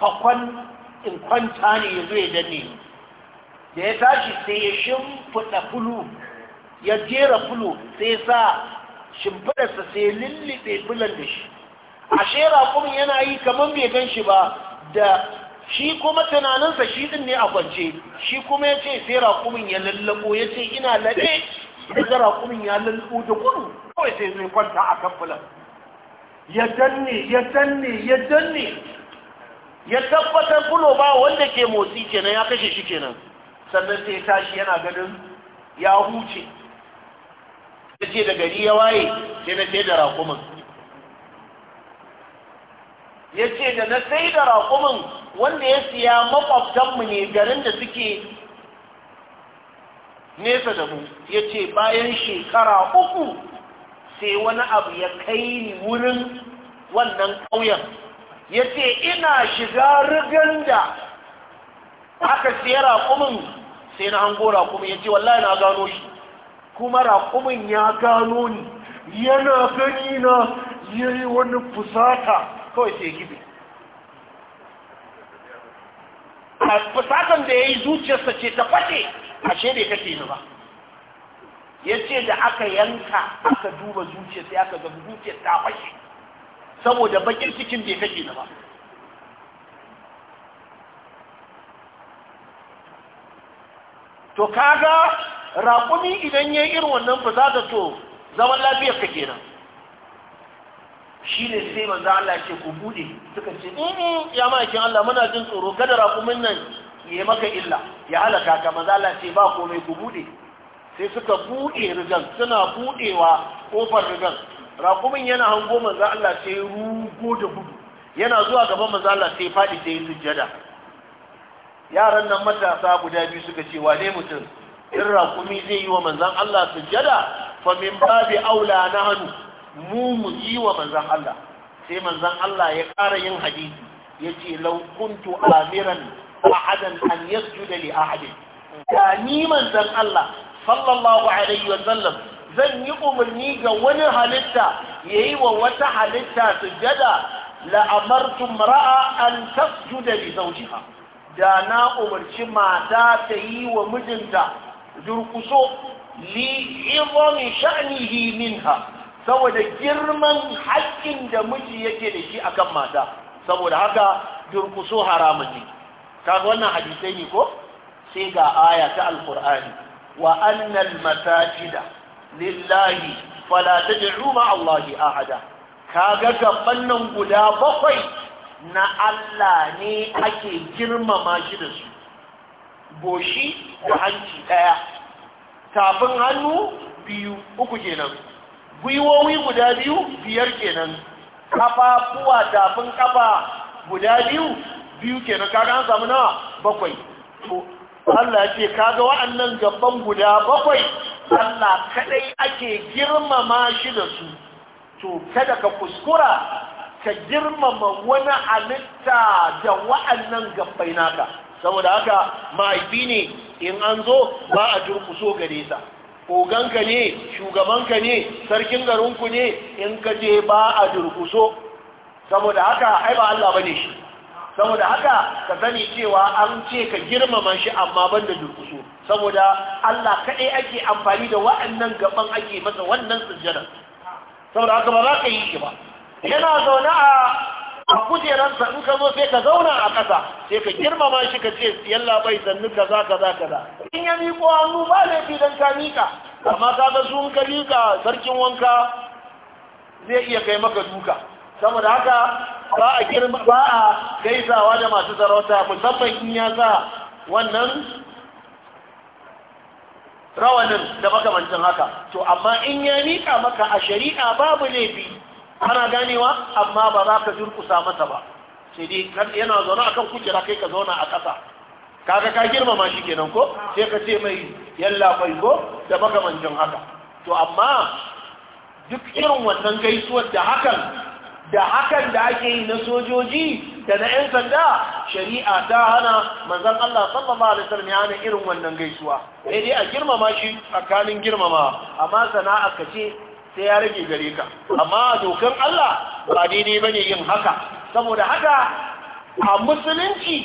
fakon in kwanta ne ya zo ya danne da ya tashi sai ya shimfiɗa fulu ya jera fulu sai ya sa shimfiɗarsa sai ya lullube fulan da shi ashe rakumin yana yi kamar bai gan shi ba da shi kuma tunaninsa shi din ne a kwance shi kuma ya ce sai rakumin ya lallabo ya ce ina lade. ya ga raƙumin ya lalɓo da gudu kawai sai zai kwanta a kan fulan ya danne ya danne ya danne ya tabbatar fulo ba wanda ke motsi kenan ya kashe shi kenan sannan sai tashi yana ganin ya huce ya ce da gari ya waye sai na sai da raƙumin ya ce da na sai da raƙumin wanda ya siya makwabtanmu ne garin da suke nesa da mu ya ce bayan shekara uku sai wani abu ya kai ni wurin wannan ƙauyen ya ce ina shiga rigar da aka siya raƙumin sai na hango raƙumin ya ce wallahi na gano shi kuma raƙumin ya gano ni yana gani na yi wani fusata kawai sai gibe fusatan da ya yi zuciyarsa ce ta fashe ashe bai kashe ni ba ya ce da aka yanka aka duba zuciya sai aka zama zuciya ta fashe saboda bakin cikin bai kashe ni ba to kaga raƙumi idan ya yi irin wannan ba za ka to zaman lafiyar ka kenan shi ne sai manzo Allah ce ku bude suka ce ya ma'aikin Allah muna jin tsoro kada raƙumin nan ya maka illa ya halaka ka maza Allah ce ba komai ku bude sai suka bude rigan suna budewa kofar rigan raƙumin yana hango manzo Allah ce rugo da gudu yana zuwa gaban manzo Allah sai fadi sai sujjada yaran nan matasa guda biyu suka ce wane mutum in raƙumi zai yi wa manzan Allah sujjada fa min babi aula na hannu mu mu yi wa manzan Allah sai manzan Allah ya ƙara yin hadisi ya ce laukuntu amiran ahadan an yasjuda li da ni manzon Allah sallallahu alaihi wa sallam zan yi umarni ga wani halitta ya yi wa wata halitta su la amartu mar'a an tasjuda li zawjiha da na umarci mata ta yi wa mijinta durkuso li izami sha'nihi minha saboda girman haƙƙin da miji yake da shi akan mata saboda haka durkuso haramun ne kaga wannan hadisai ne ko sai ga aya ta alqur'ani wa annal masajida lillahi fala tad'u ma allahi ahada kaga gaban nan guda bakwai na Allah ne ake girmama shi da su boshi da hanci daya tafin hannu biyu uku kenan gwiwowi guda biyu biyar kenan kafafuwa tafin kafa guda biyu biyu kenan kaga an samu nawa bakwai to Allah ya ce kaga wa'annan gaban guda bakwai Allah kadai ake girmama shi da su to kada ka kuskura ka girmama wani halitta da wa'annan gabbai naka saboda haka mahaifi ne in an zo ba a durkuso gare sa oganka ne shugabanka ne sarkin garinku ne in ka je ba a durkuso saboda haka ai ba Allah bane shi saboda haka ka sani cewa an ce ka girmama shi amma ban da durkusu saboda Allah kaɗai ake amfani da wa'annan gaban ake masa wannan sujjada saboda haka ba za ka yi shi ba yana zaune a kujeransa in ka zo sai ka zauna a ƙasa sai ka girmama shi ka ce yalla bai sannu kaza kaza kaza in ya miƙo hannu ba laifi don ka miƙa amma ka ga sun ka miƙa sarkin wanka zai iya kai maka duka saboda haka ba a girma ba a gaisawa da masu sarauta musamman in ya sa wannan rawanin da makamancin haka to amma in ya miƙa maka a shari'a babu laifi ana ganewa amma ba za ka durkusa masa ba sai dai yana zaune akan kujera kai ka zauna a ƙasa kaga ka girmama shi kenan ko sai ka ce mai yalla bai ko da makamancin haka to amma duk irin wannan gaisuwar da hakan da hakan da ake yi na sojoji da na 'yan sanda shari'a ta hana manzan Allah sallallahu alaihi wasallam irin wannan gaisuwa sai dai a girmama shi tsakanin girmama amma sana'a ka ce sai ya rage gare ka amma dokan Allah ba daidai bane yin haka saboda haka a musulunci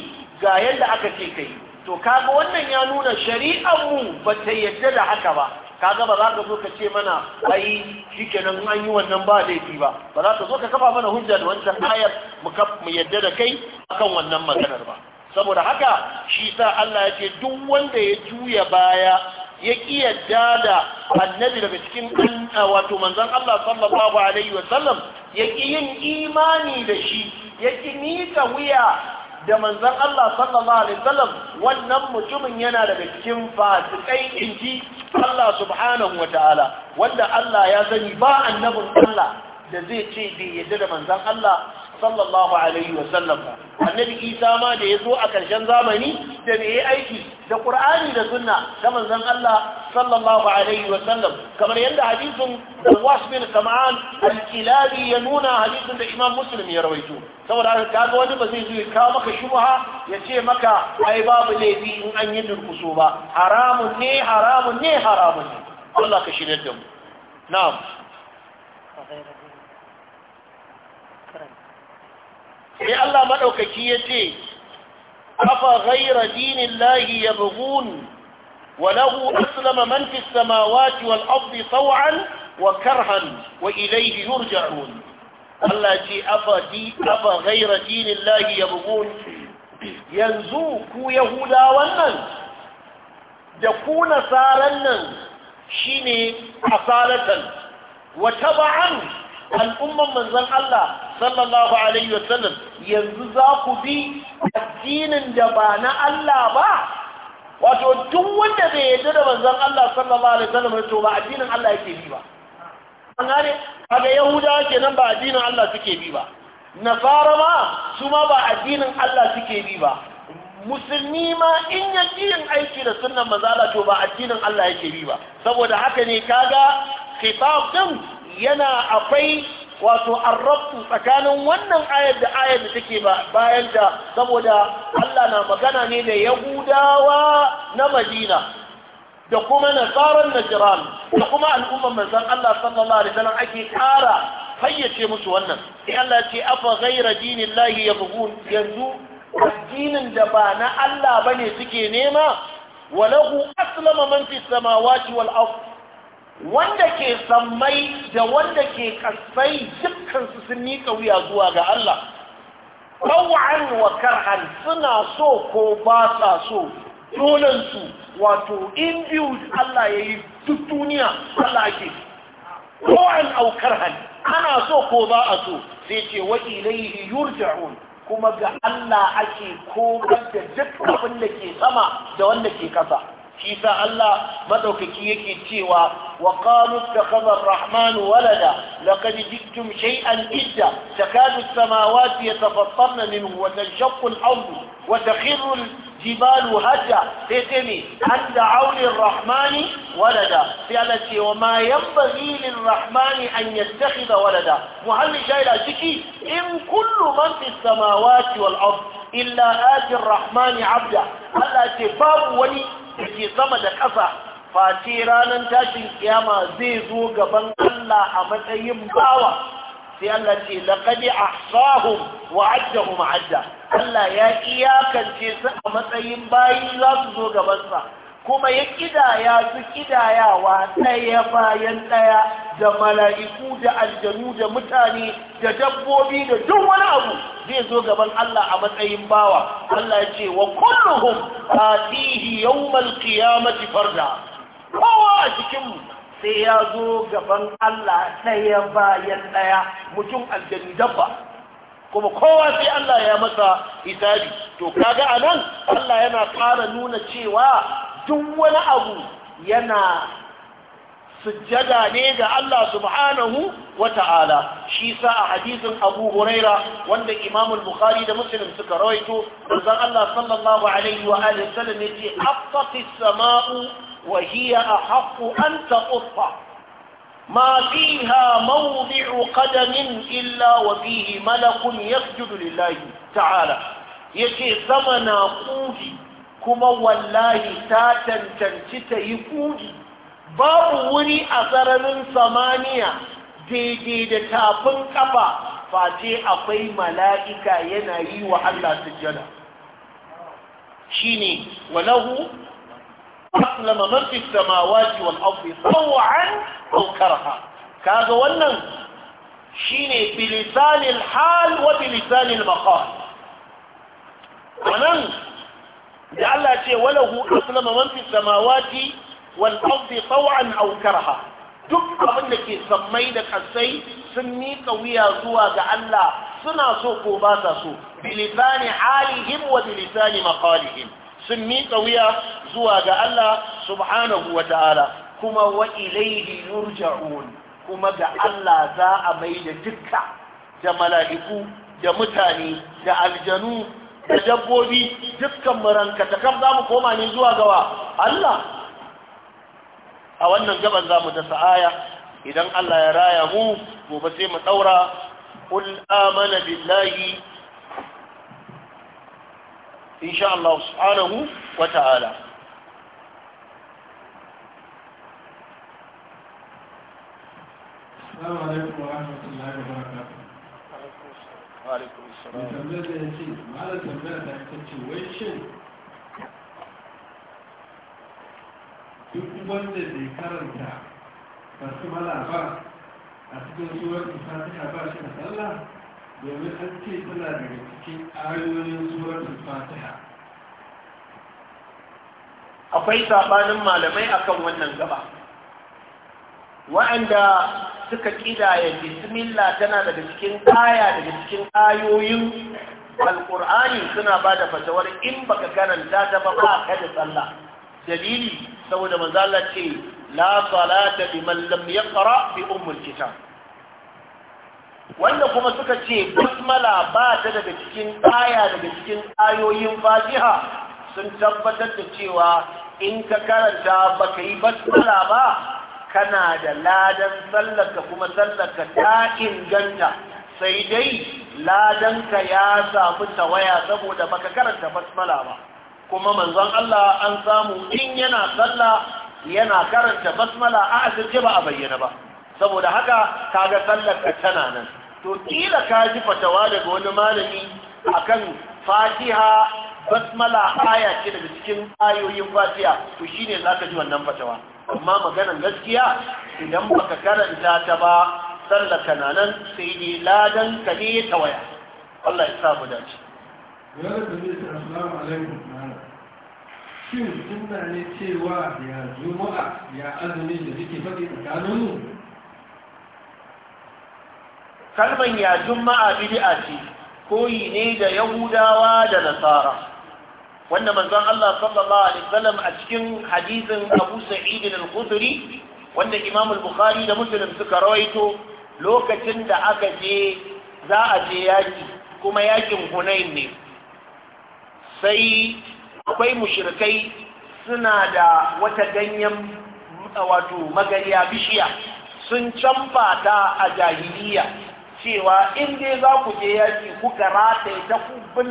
ga yadda aka ce kai to kaga wannan ya nuna shari'ar mu ba ta yadda da haka ba kaga ba za ka zo ka ce mana ai kenan an yi wannan ba laifi ba ba za ka zo ka kafa mana hujja da wancan ayar mu yadda da kai akan wannan maganar ba saboda haka shi sa Allah ya ce duk wanda ya juya baya ya ki da annabi daga cikin wato manzon Allah sallallahu alaihi wa sallam ya yin imani da shi ya ki nika wuya da manzon Allah sallallahu alaihi wasallam wannan mutumin yana daga cikin fasikai inji Allah subhanahu wataala wanda Allah ya sani ba annabin Allah da zai ce bai yadda da manzon Allah sallallahu alaihi wa sallam annabi isa ma da ya zo a ƙarshen zamani da me yayi aiki da ƙur'ani da sunna da manzon Allah sallallahu alaihi wa sallam kamar yadda hadisin da bin kama'an al-kilabi ya nuna hadisin da imam muslim ya rawaito saboda haka kaga wani ba zai zo ya maka shubha ya ce maka ai babu laifi in an yi durkuso ba haramun ne haramun ne haramun ne Allah ka shirya da mu na'am sai Allah maɗaukaki ya ce afa ghaira dinin lahi ya bugun walahu aslama man fi samawati wal ardi taw'an wa karhan wa ilayhi yurja'un Allah ce afa di afa ghaira dinin lahi ya bugun yanzu ku yahuda wannan da ku nasaran nan shine asalatan wa taba'an al'umman manzon Allah sallallahu alaihi wasallam yanzu za ku bi addinin da ba na Allah ba wato duk wanda bai yarda da manzon Allah sallallahu alaihi wasallam to ba addinin Allah yake bi ba an gane kaga yahudawa nan ba addinin Allah suke bi ba nasara ma su ma ba addinin Allah suke bi ba musulmi ma in ya yin aiki da sunnan mazala to ba addinin Allah yake bi ba saboda haka ne kaga khitab din yana akwai wato arrabu tsakanin wannan ayar da ayar da take bayan da saboda Allah na magana ne da yahudawa na madina da kuma nasarar najiran da kuma al'ummar manzan Allah sallallahu alaihi wasallam ake ƙara fayyace musu wannan sai Allah ce afa ghaira dinillahi yabghun yanzu addinin da ba na Allah bane suke nema walahu aslama man fi samawati wal ardh wanda ke sammai da wanda ke kasai dukkansu sun miƙa wuya zuwa ga Allah rawa'an wa karhan suna so ko ba sa so su wato in biyu Allah ya yi duk duniya Allah ake rawa'an au karhan ana so ko ba a so sai ce wa ilaihi yurja'un kuma ga Allah ake komar da duk abin da ke sama da wanda ke kasa isa Allah madaukaki yake cewa wa qalu takhadha ar-rahman walada laqad jittum shay'an idda takadu as-samawati yatafattarna minhu wa tanshaqqu al-ardu wa takhiru al-jibalu hadda saytami an da'u lir-rahman walada sai Allah ce wa ma yanbaghi lir-rahman an yattakhidha walada muhalli shayla ciki in kullu man fis-samawati wal-ardu illa ati ar-rahman 'abda Allah ce babu wani da ke sama da ƙasa face ranar tashin kiyama zai zo gaban Allah a matsayin bawa sai Allah ce laqad ahsahum wa addahum Allah ya iyakance su a matsayin bayi za su zo gabansa. kuma ya kidaya su kidayawa ɗaya bayan ɗaya da mala'iku da aljanu da mutane da dabbobi da duk wani abu zai zo gaban Allah a matsayin bawa Allah ya ce wa kulluhum atihi yawmal qiyamati farda kowa a cikin mu sai ya zo gaban Allah ɗaya bayan ɗaya mutum aljanu dabba kuma kowa sai Allah ya masa hisabi to kaga anan Allah yana fara nuna cewa duk wani abu yana sujjada ne ga Allah subhanahu wa ta'ala shi sa a hadisin abu huraira wanda imamul bukhari da muslim suka rawaito manzon Allah sallallahu alaihi wa alihi sallam yace affatis sama'u wa hiya ahqqu an taqfa ما فيها موضع قدم إلا وفيه ملك يسجد ya ce zama na قوتي kuma wallahi ta cancanci ta yi kuɗi babu wuri a sararin samaniya daidai da tafin kafa face akwai mala'ika yana yi wa Allah sujjada shine walahu aslama man fi samawati wal ardi taw'an ha. kaga wannan shine bilisanil hal wa bilisanil maqal anan da Allah ce walahu aslama man fi samawati wal ardi taw'an aw karha duk abin da ke sammai da kasai sun miƙa wuya zuwa ga Allah suna so ko ba sa so bilisani alihim wa bilisani maqalihim sun miƙa wuya zuwa ga Allah subhanahu wa ta'ala kuma wa ilaihi yurja'un kuma ga Allah za a mai da dukka da mala'iku da mutane da aljanu da dabbobi dukkan kam za mu koma ne zuwa gawa Allah a wannan gaban za mu dasa aya idan Allah ya raya mu gobe sai mu ɗaura kul amana billahi insha Allah subhanahu wa ta'ala Assalamu alaikum wa rahmatullahi wa barakatuh. Wa alaikum malar tambaya ta ta ce wai shin duk wanda bai karanta basmala ba a cikin suwar fatiha ba shi da sallah domin an ce tana daga cikin ayoyin suwar fatiha akwai sabanin malamai akan wannan gaba wa'anda suka ƙidaya bismillah tana daga cikin aya daga cikin ayoyin alƙur'ani suna ba da fatawar in baka karanta ta ba ba ka da sallah dalili saboda manzo ce la salata liman lam yaqra bi ummul kitab wanda kuma suka ce basmala ba ta daga cikin aya daga cikin ayoyin fatiha sun tabbatar da cewa in ka karanta baka yi basmala ba kana da ladan ka kuma ka ta inganta sai dai ladanka ya samu tawaya saboda baka karanta basmala ba kuma manzon Allah an samu in yana sallah yana karanta basmala a asirce ba a bayyana ba saboda haka kaga sallar ka tana nan to kila ka ji fatawa daga wani malami akan fatiha basmala aya ce daga cikin ayoyin fatiha to shine zaka ji wannan fatawa amma maganan gaskiya idan baka karanta ta ba sallar ka na nan sai dai ladan ka ne ta waya Allah ya sa mu dace ya da ne assalamu alaikum shin sunna ne cewa ya juma'a ya azumi da kike faɗi tsakanin mu kalman ya juma'a bid'a ce koyi ne da yahudawa da nasara wanda manzon Allah sallallahu alaihi wasallam a cikin hadisin Abu Sa'id al-Khudri wanda Imam al-Bukhari da Muslim suka rawaito lokacin da aka je za a je yaki kuma yakin hunain ne sai akwai mushrikai suna da wata ganyen wato magariya bishiya sun canfa ta a jahiliya cewa in dai za ku je yaki kuka rataye ta ku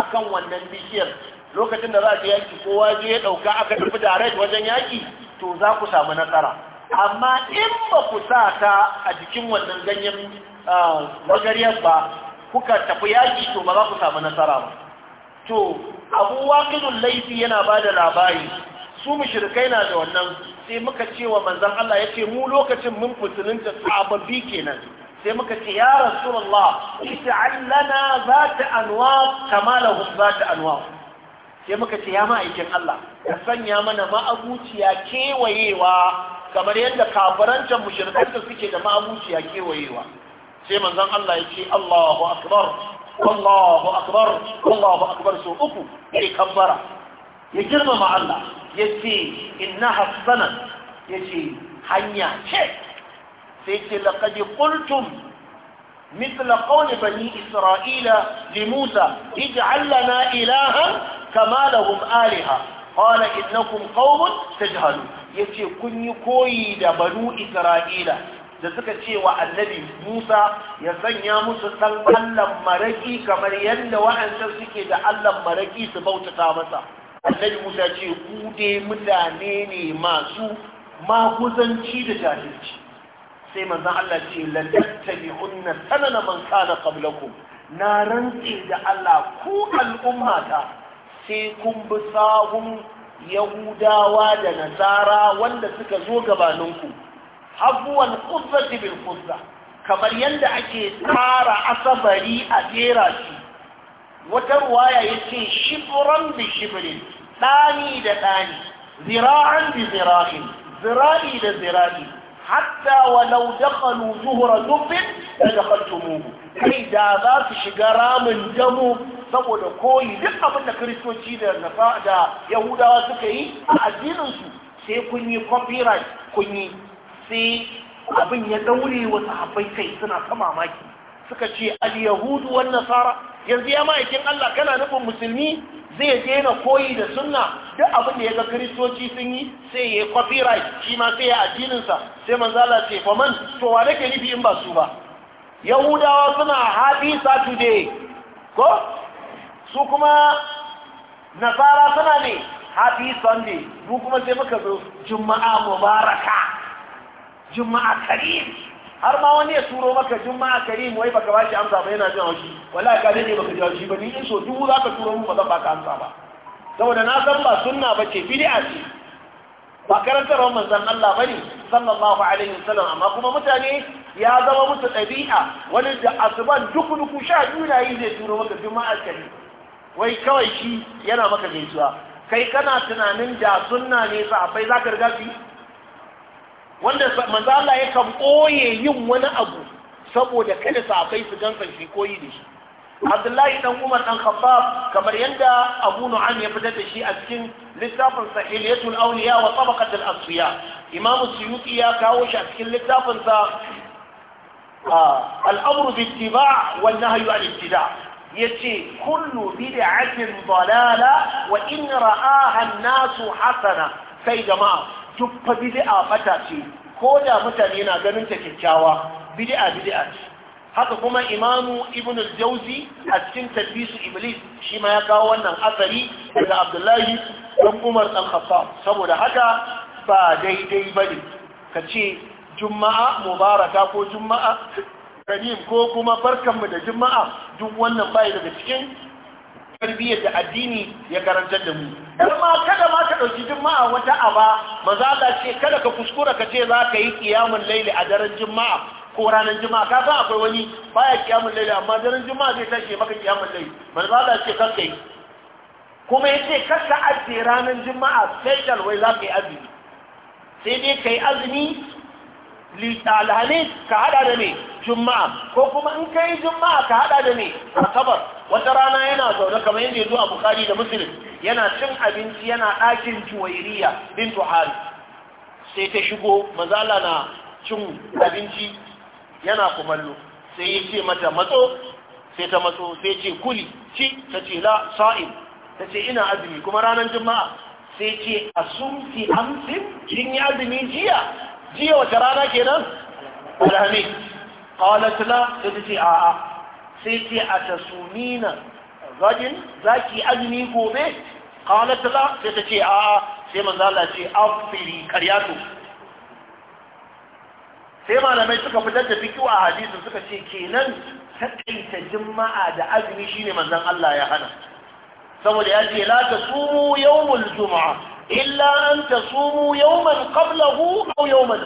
akan wannan bishiyar lokacin da za a je yaki kowa je ya ɗauka aka tafi da wajen yaki to za ku samu nasara amma in ba ku sa ta a jikin wannan ganyen magariyar ba kuka tafi yaki to ba za ku samu nasara ba to abu waƙinun laifi yana ba da labari su mushrikai na da wannan sai muka ce wa manzan Allah ya ce mu lokacin mun musulunta sababbi kenan sai muka ce ya rasulullah is'al lana zata kamala kama lahum zata anwa sai muka ce ya ma'aikin Allah ka sanya mana ma'abuciya kewayewa kamar yadda kafarancan mushrikan suke da ma'amuciya kewayewa sai manzon Allah ya ce Allahu akbar Allahu akbar Allahu akbar so uku ya kabbara ya girmama Allah ya ce innaha sanan ya ce hanya ce sai ce laqad qultum مثل قول بني إسرائيل لموسى اجعل لنا إلها كما لهم آلهة قال إنكم قوم تجهلون ya ce kun yi koyi da banu isra'ila da suka ce wa annabi musa ya sanya musu ɗan allan maraki kamar yadda wa'ancan suke da allan maraki su bautata masa annabi musa ce ku mutane ne masu maguzanci da jahilci sai manzan allah ce lalattabi'unna sanana man kana qablakum na rantse da allah ku al'ummata sai kun bi sahun yahudawa da nasara wanda suka zo gabaninku abuwan kuzzati bil kuzza kamar yadda ake tsara asabari a tsera shi wata ruwaya ya shibran bi da shibirin ɗani da ɗani zira'an da zira'in zira'i da zira'i hatta walau dakhalu zuhra dubbin la dakhaltumuhu kai da za su shiga ramin damu saboda koyi duk abin da kristoci da nasa da yahudawa suka yi a addinin su sai kun yi copyright kun yi sai abin ya daure wa sahabbai kai suna ta mamaki suka ce al yahudu wan nasara yanzu ya ma'aikin Allah kana nufin musulmi zai ya daina koyi da sunna duk abin da ya ga kiristoci sun yi sai ya yi copyright shi ma sai ya addininsa sai manzala ce faman to wa nake nufi in ba su ba yahudawa suna happy saturday ko su kuma nasara suna ne happy sunday mu kuma sai muka zo juma'a mubaraka juma'a karim har ma wani ya turo maka juma'a karim wai baka bashi amsa ba yana jin haushi wallahi ka dade baka ji haushi ba ni in so dubu zaka turo mu ba zan baka amsa ba saboda na san ba sunna ba ce bid'a ce ba karantarwar manzon Allah bane sallallahu alaihi wasallam amma kuma mutane ya zama musu ɗabi'a wani da asuban duk duku sha biyu na yi zai turo maka juma'a karim wai kawai shi yana maka gaisuwa kai kana tunanin da sunna ne sahabbai zaka riga su wanda manzo Allah yakan ɓoye yin wani abu saboda kada sahabbai su gansa shi koyi da shi Abdullahi dan Umar dan Khabbab kamar yadda Abu Nu'am ya fitar da shi a cikin littafin Sahihiyatul Awliya wa Tabaqat al-Asfiya Imam Suyuti ya kawo shi a cikin littafin sa al-amr bi ittiba' wal nahy an ittida' yace kullu bid'atin dalala wa in ra'aha an-nasu hasana sai jama'a duk fa bid'a bata ce ko da mutane na ganin ta kyakkyawa bid'a bid'a ce haka kuma imamu ibn al-jawzi a cikin tadbisu iblis shi ma ya kawo wannan asari daga abdullahi dan umar al-khattab saboda haka ba daidai bane ka ce juma'a mubaraka ko juma'a karim ko kuma barkanmu da juma'a duk wannan bai daga cikin tarbiyyar da addini ya karantar da mu ma kada ma ka dauki juma'a wata aba maza ce kada ka kuskura ka ce za ka yi kiyamun laili a daren juma'a ko ranar juma'a ka san akwai wani baya kiyamun laili amma daren juma'a zai tashi maka kiyamun laili maza ce kar kai kuma yace kar ka ajiye ranar juma'a sai dalwai za ka yi azumi sai dai ka yi azumi alhamis ka hada da me juma'a ko kuma in kai juma'a ka hada da ni asabar wata rana yana zaune kamar yadda ya zo a bukari da muslim yana cin abinci yana ɗakin juwairiya bintu hari sai ta shigo mazala na cin abinci yana kumallo sai ya ce mata matso sai ta matso sai ce kuli ci ta ce la sa'in ta ce ina azumi kuma ranar juma'a sai ce a fi amsin kin yi azumi jiya jiya wata rana kenan alhamis qalat la sai ce a a sai ce a tasumina rajin azumi gobe qalat ta ce a sai manzo Allah ce afiri karyatu sai malamai suka fitar da fikiyu a hadisi suka ce kenan takaita juma'a da azumi shine manzon Allah ya hana saboda ya ce la tasumu yawmul illa an tasumu yawman qablahu aw yawman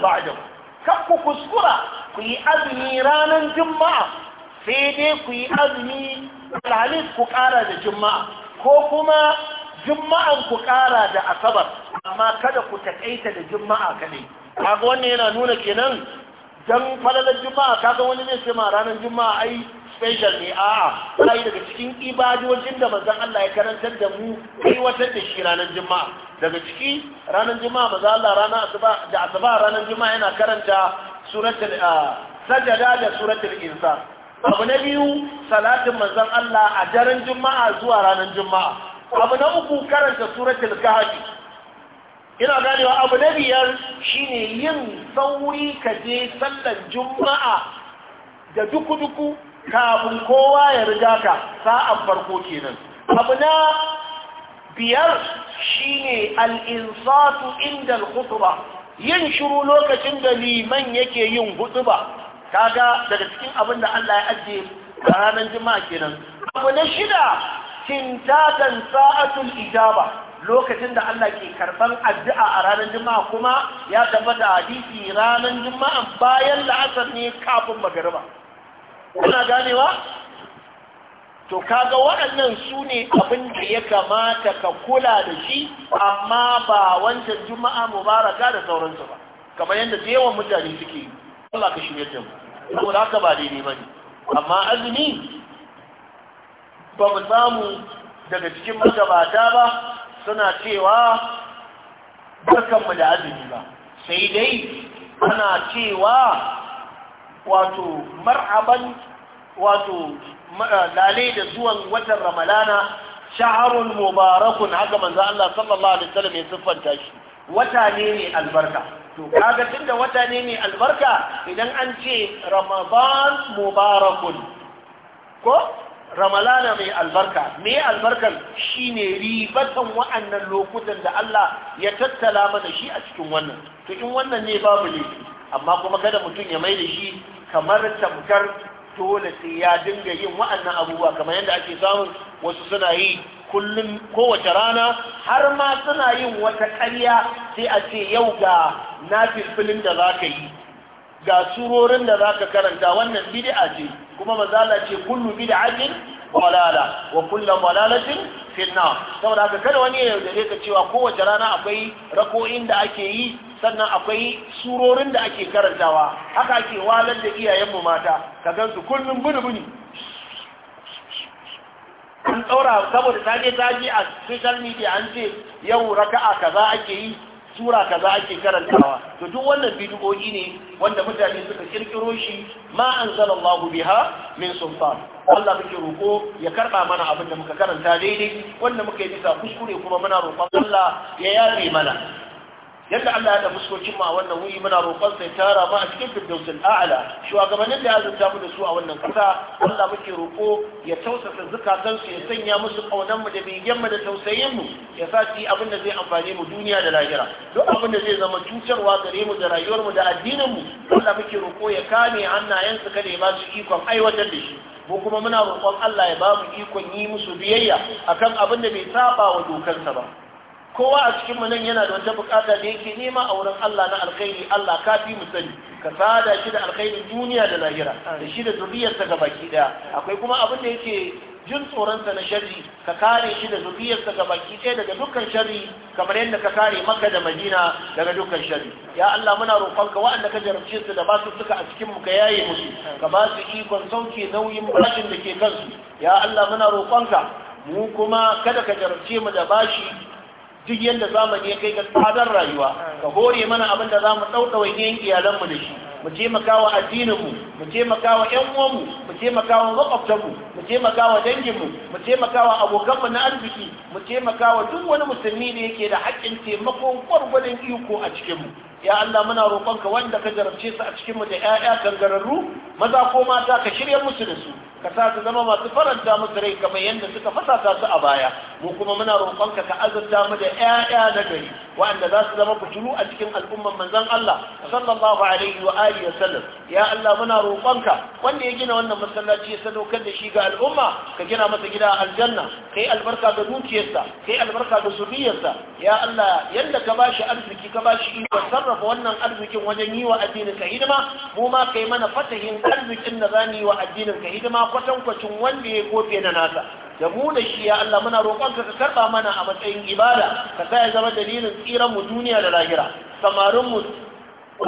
kuskura ku yi azumi ranar juma'a sai dai ku yi azumi alhamis ku ƙara da juma'a ko kuma juma'an ku ƙara da asabar amma kada ku takaita da juma'a kaɗai kaga wannan yana nuna kenan dan falalar juma'a kaga wani zai sai ma ranar juma'a ai special ne a'a sai daga cikin ibadojin da manzon Allah ya karantar da mu watan da shi ranar juma'a daga ciki ranar juma'a manzon Allah ranar asuba da asuba ranar juma'a yana karanta suratul ah, sajada da suratul insa abu na biyu salatin manzon Allah a daren juma'a zuwa ranar juma'a abu na uku karanta suratul kahfi ina ganewa abu na biyar shine yin sauri ka je sallar juma'a da duku-duku kafin kowa ya riga ka sa'an farko kenan abu na biyar shine al-insatu inda al-khutbah yin shiru lokacin da liman yake yin hutuba kaga daga cikin abin da Allah ya ajiye a ranar juma'a kenan abu na shida tintatan sa'atul ijaba lokacin da Allah ke karban addu'a a ranar juma'a kuma ya tabbata hadisi ranar juma'a bayan la'asar ne kafin magariba kuna ganewa to kaga waɗannan su ne abin da ya kamata ka kula da shi amma ba wancan juma'a mubaraka da sauransu ba kamar yadda da yawan mutane suke Allah ka shirye ta mu haka ba daidai ba ne amma azumi ba mu samu daga cikin magabata ba suna cewa barkanmu da azumi ba sai dai ana cewa wato mar'aban wato eh, lalai da zuwan watan ramalana sha'arun mubarakun haka manzo Allah sallallahu alaihi wasallam ya siffanta shi wata ne albarka to kaga tunda wata ne albarka idan an ce ramadan mubarakun ko ramalana mai albarka me albarkan shine ribatan wa'annan lokutan da Allah ya tattala mana shi a cikin wannan to in wannan ne babu ne amma kuma kada mutum ya mai da shi kamar tamkar dole sai ya dinga yin wa'annan abubuwa kamar yadda ake samun wasu suna yi kullum kowace rana har ma suna yin wata ƙarya sai a ce yau ga nafilfilin da za ka yi ga surorin da za ka karanta wannan bid'a ce kuma mazala ce kullu bid'atin balala wa kullu balalatin finna saboda haka kada wani ya yaudare ka cewa kowace rana akwai rako'in da ake yi sannan akwai surorin da ake karantawa haka ake walar da iyayenmu mata ka gansu kullum buni-buni an tsora saboda ta je ta je a social media an ce yau raka'a kaza ake yi sura kaza ake karantawa to duk wannan bid'o'i ne wanda mutane suka kirkiro shi ma anzalallahu biha min sultan Allah muke roko ya karba mana abin da muka karanta daidai wanda muka yi bisa kuskure kuma muna roƙon Allah ya yafe mana yadda Allah ya da muskokin mu a wannan wuyi muna roƙon sai tara ma a cikin firdausul a'ala shugabannin da ya zanta mu da su a wannan kasa Allah muke roƙo ya tausasa zukatan su ya sanya musu ƙaunar mu da bigen mu da tausayin mu ya sa su abin da zai amfane mu duniya da lahira duk abin da zai zama cutarwa gare mu da rayuwar mu da addinin mu Allah muke roƙo ya kame hannayen su kada ya ba su ikon aiwatar da shi mu kuma muna roƙon Allah ya ba mu ikon yi musu biyayya akan abin da bai saba wa dokarsa ba kowa a cikin mu nan yana da wata bukata da yake nema a wurin Allah na alkhairi Allah ka fi mu sani ka sada shi da alkhairin duniya da lahira da shi da zuriyarsa ga baki daya akwai kuma abin da yake jin tsoronsa na sharri ka kare shi da zuriyarsa ga baki daya daga dukkan sharri kamar yadda ka kare maka da Madina daga dukkan sharri ya Allah muna roƙonka waɗanda ka jarabce su da ba su suka a cikin mu ka yaye musu ka ba su ikon sauke nauyin bashin da ke kansu ya Allah muna roƙonka mu kuma kada ka jarabce mu da bashi duk yadda zamani ya kai ga tsadar rayuwa ka hore mana abin da za mu ɗauɗawai yin iyalanmu da shi mu taimakawa makawa addininmu mu taimakawa makawa ƴan uwanmu mu taimakawa makawa makwabtanmu mu taimakawa makawa danginmu mu taimakawa makawa abokanmu na arziki mu taimakawa makawa duk wani musulmi da yake da haƙƙin taimakon gwargwadon iko a cikinmu ya Allah muna roƙonka wanda ka jarabce su a cikinmu da ƴaƴa kangararru maza ko mata ka shirya musu da su ka sa su zama masu faranta musu rai kamar yadda suka fasata su a baya mu kuma muna roƙonka ka azurta mu da ƴaƴa na gari waɗanda za su zama fitilu a cikin al'umman manzon Allah sallallahu alaihi wa alihi wa sallam ya Allah muna roƙonka wanda ya gina wannan masallaci ya sadaukar da shi ga al'umma ka gina masa gida aljanna kai albarka ga dukiyarsa kai albarka ga zuriyarsa ya Allah yanda ka bashi arziki ka bashi iko sarrafa wannan arzikin wajen yi wa addinin ka hidima mu ma kai mana fatahin arzikin da zamu yi wa addinin ka hidima kwatankwacin wanda ya kofi na nasa da mu da shi ya Allah muna roƙon ka karɓa mana a matsayin ibada ka sa ya zama dalilin tsiran mu duniya da lahira samarin mu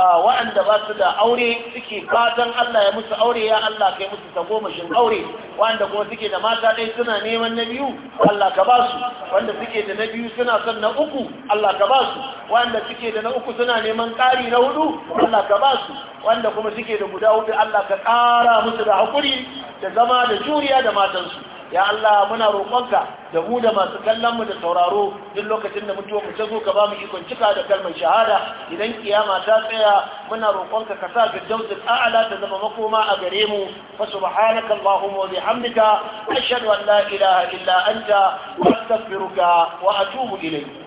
wa'anda ba su da aure suke fatan Allah ya musu aure ya Allah kai musu ta goma tagomashin aure wa'anda kuma suke da mata dai suna neman na biyu Allah ka ba su wanda suke da na biyu suna son na uku Allah ka ba su wa'anda suke da na uku suna neman ƙari na hudu Allah ka ba su wanda kuma suke da guda hudu Allah ka ƙara musu da haƙuri da zama da juriya da matansu ya Allah muna roƙonka da mu da masu kallon mu da sauraro duk lokacin da mutuwa mu ta zo ka ba mu ikon cika da kalmar shahada idan kiyama ta tsaya muna roƙonka ka sa firdausul a'la ta zama makoma a gare mu fa subhanaka allahumma wa bihamdika ashhadu an la ilaha illa anta astaghfiruka wa atubu ilayk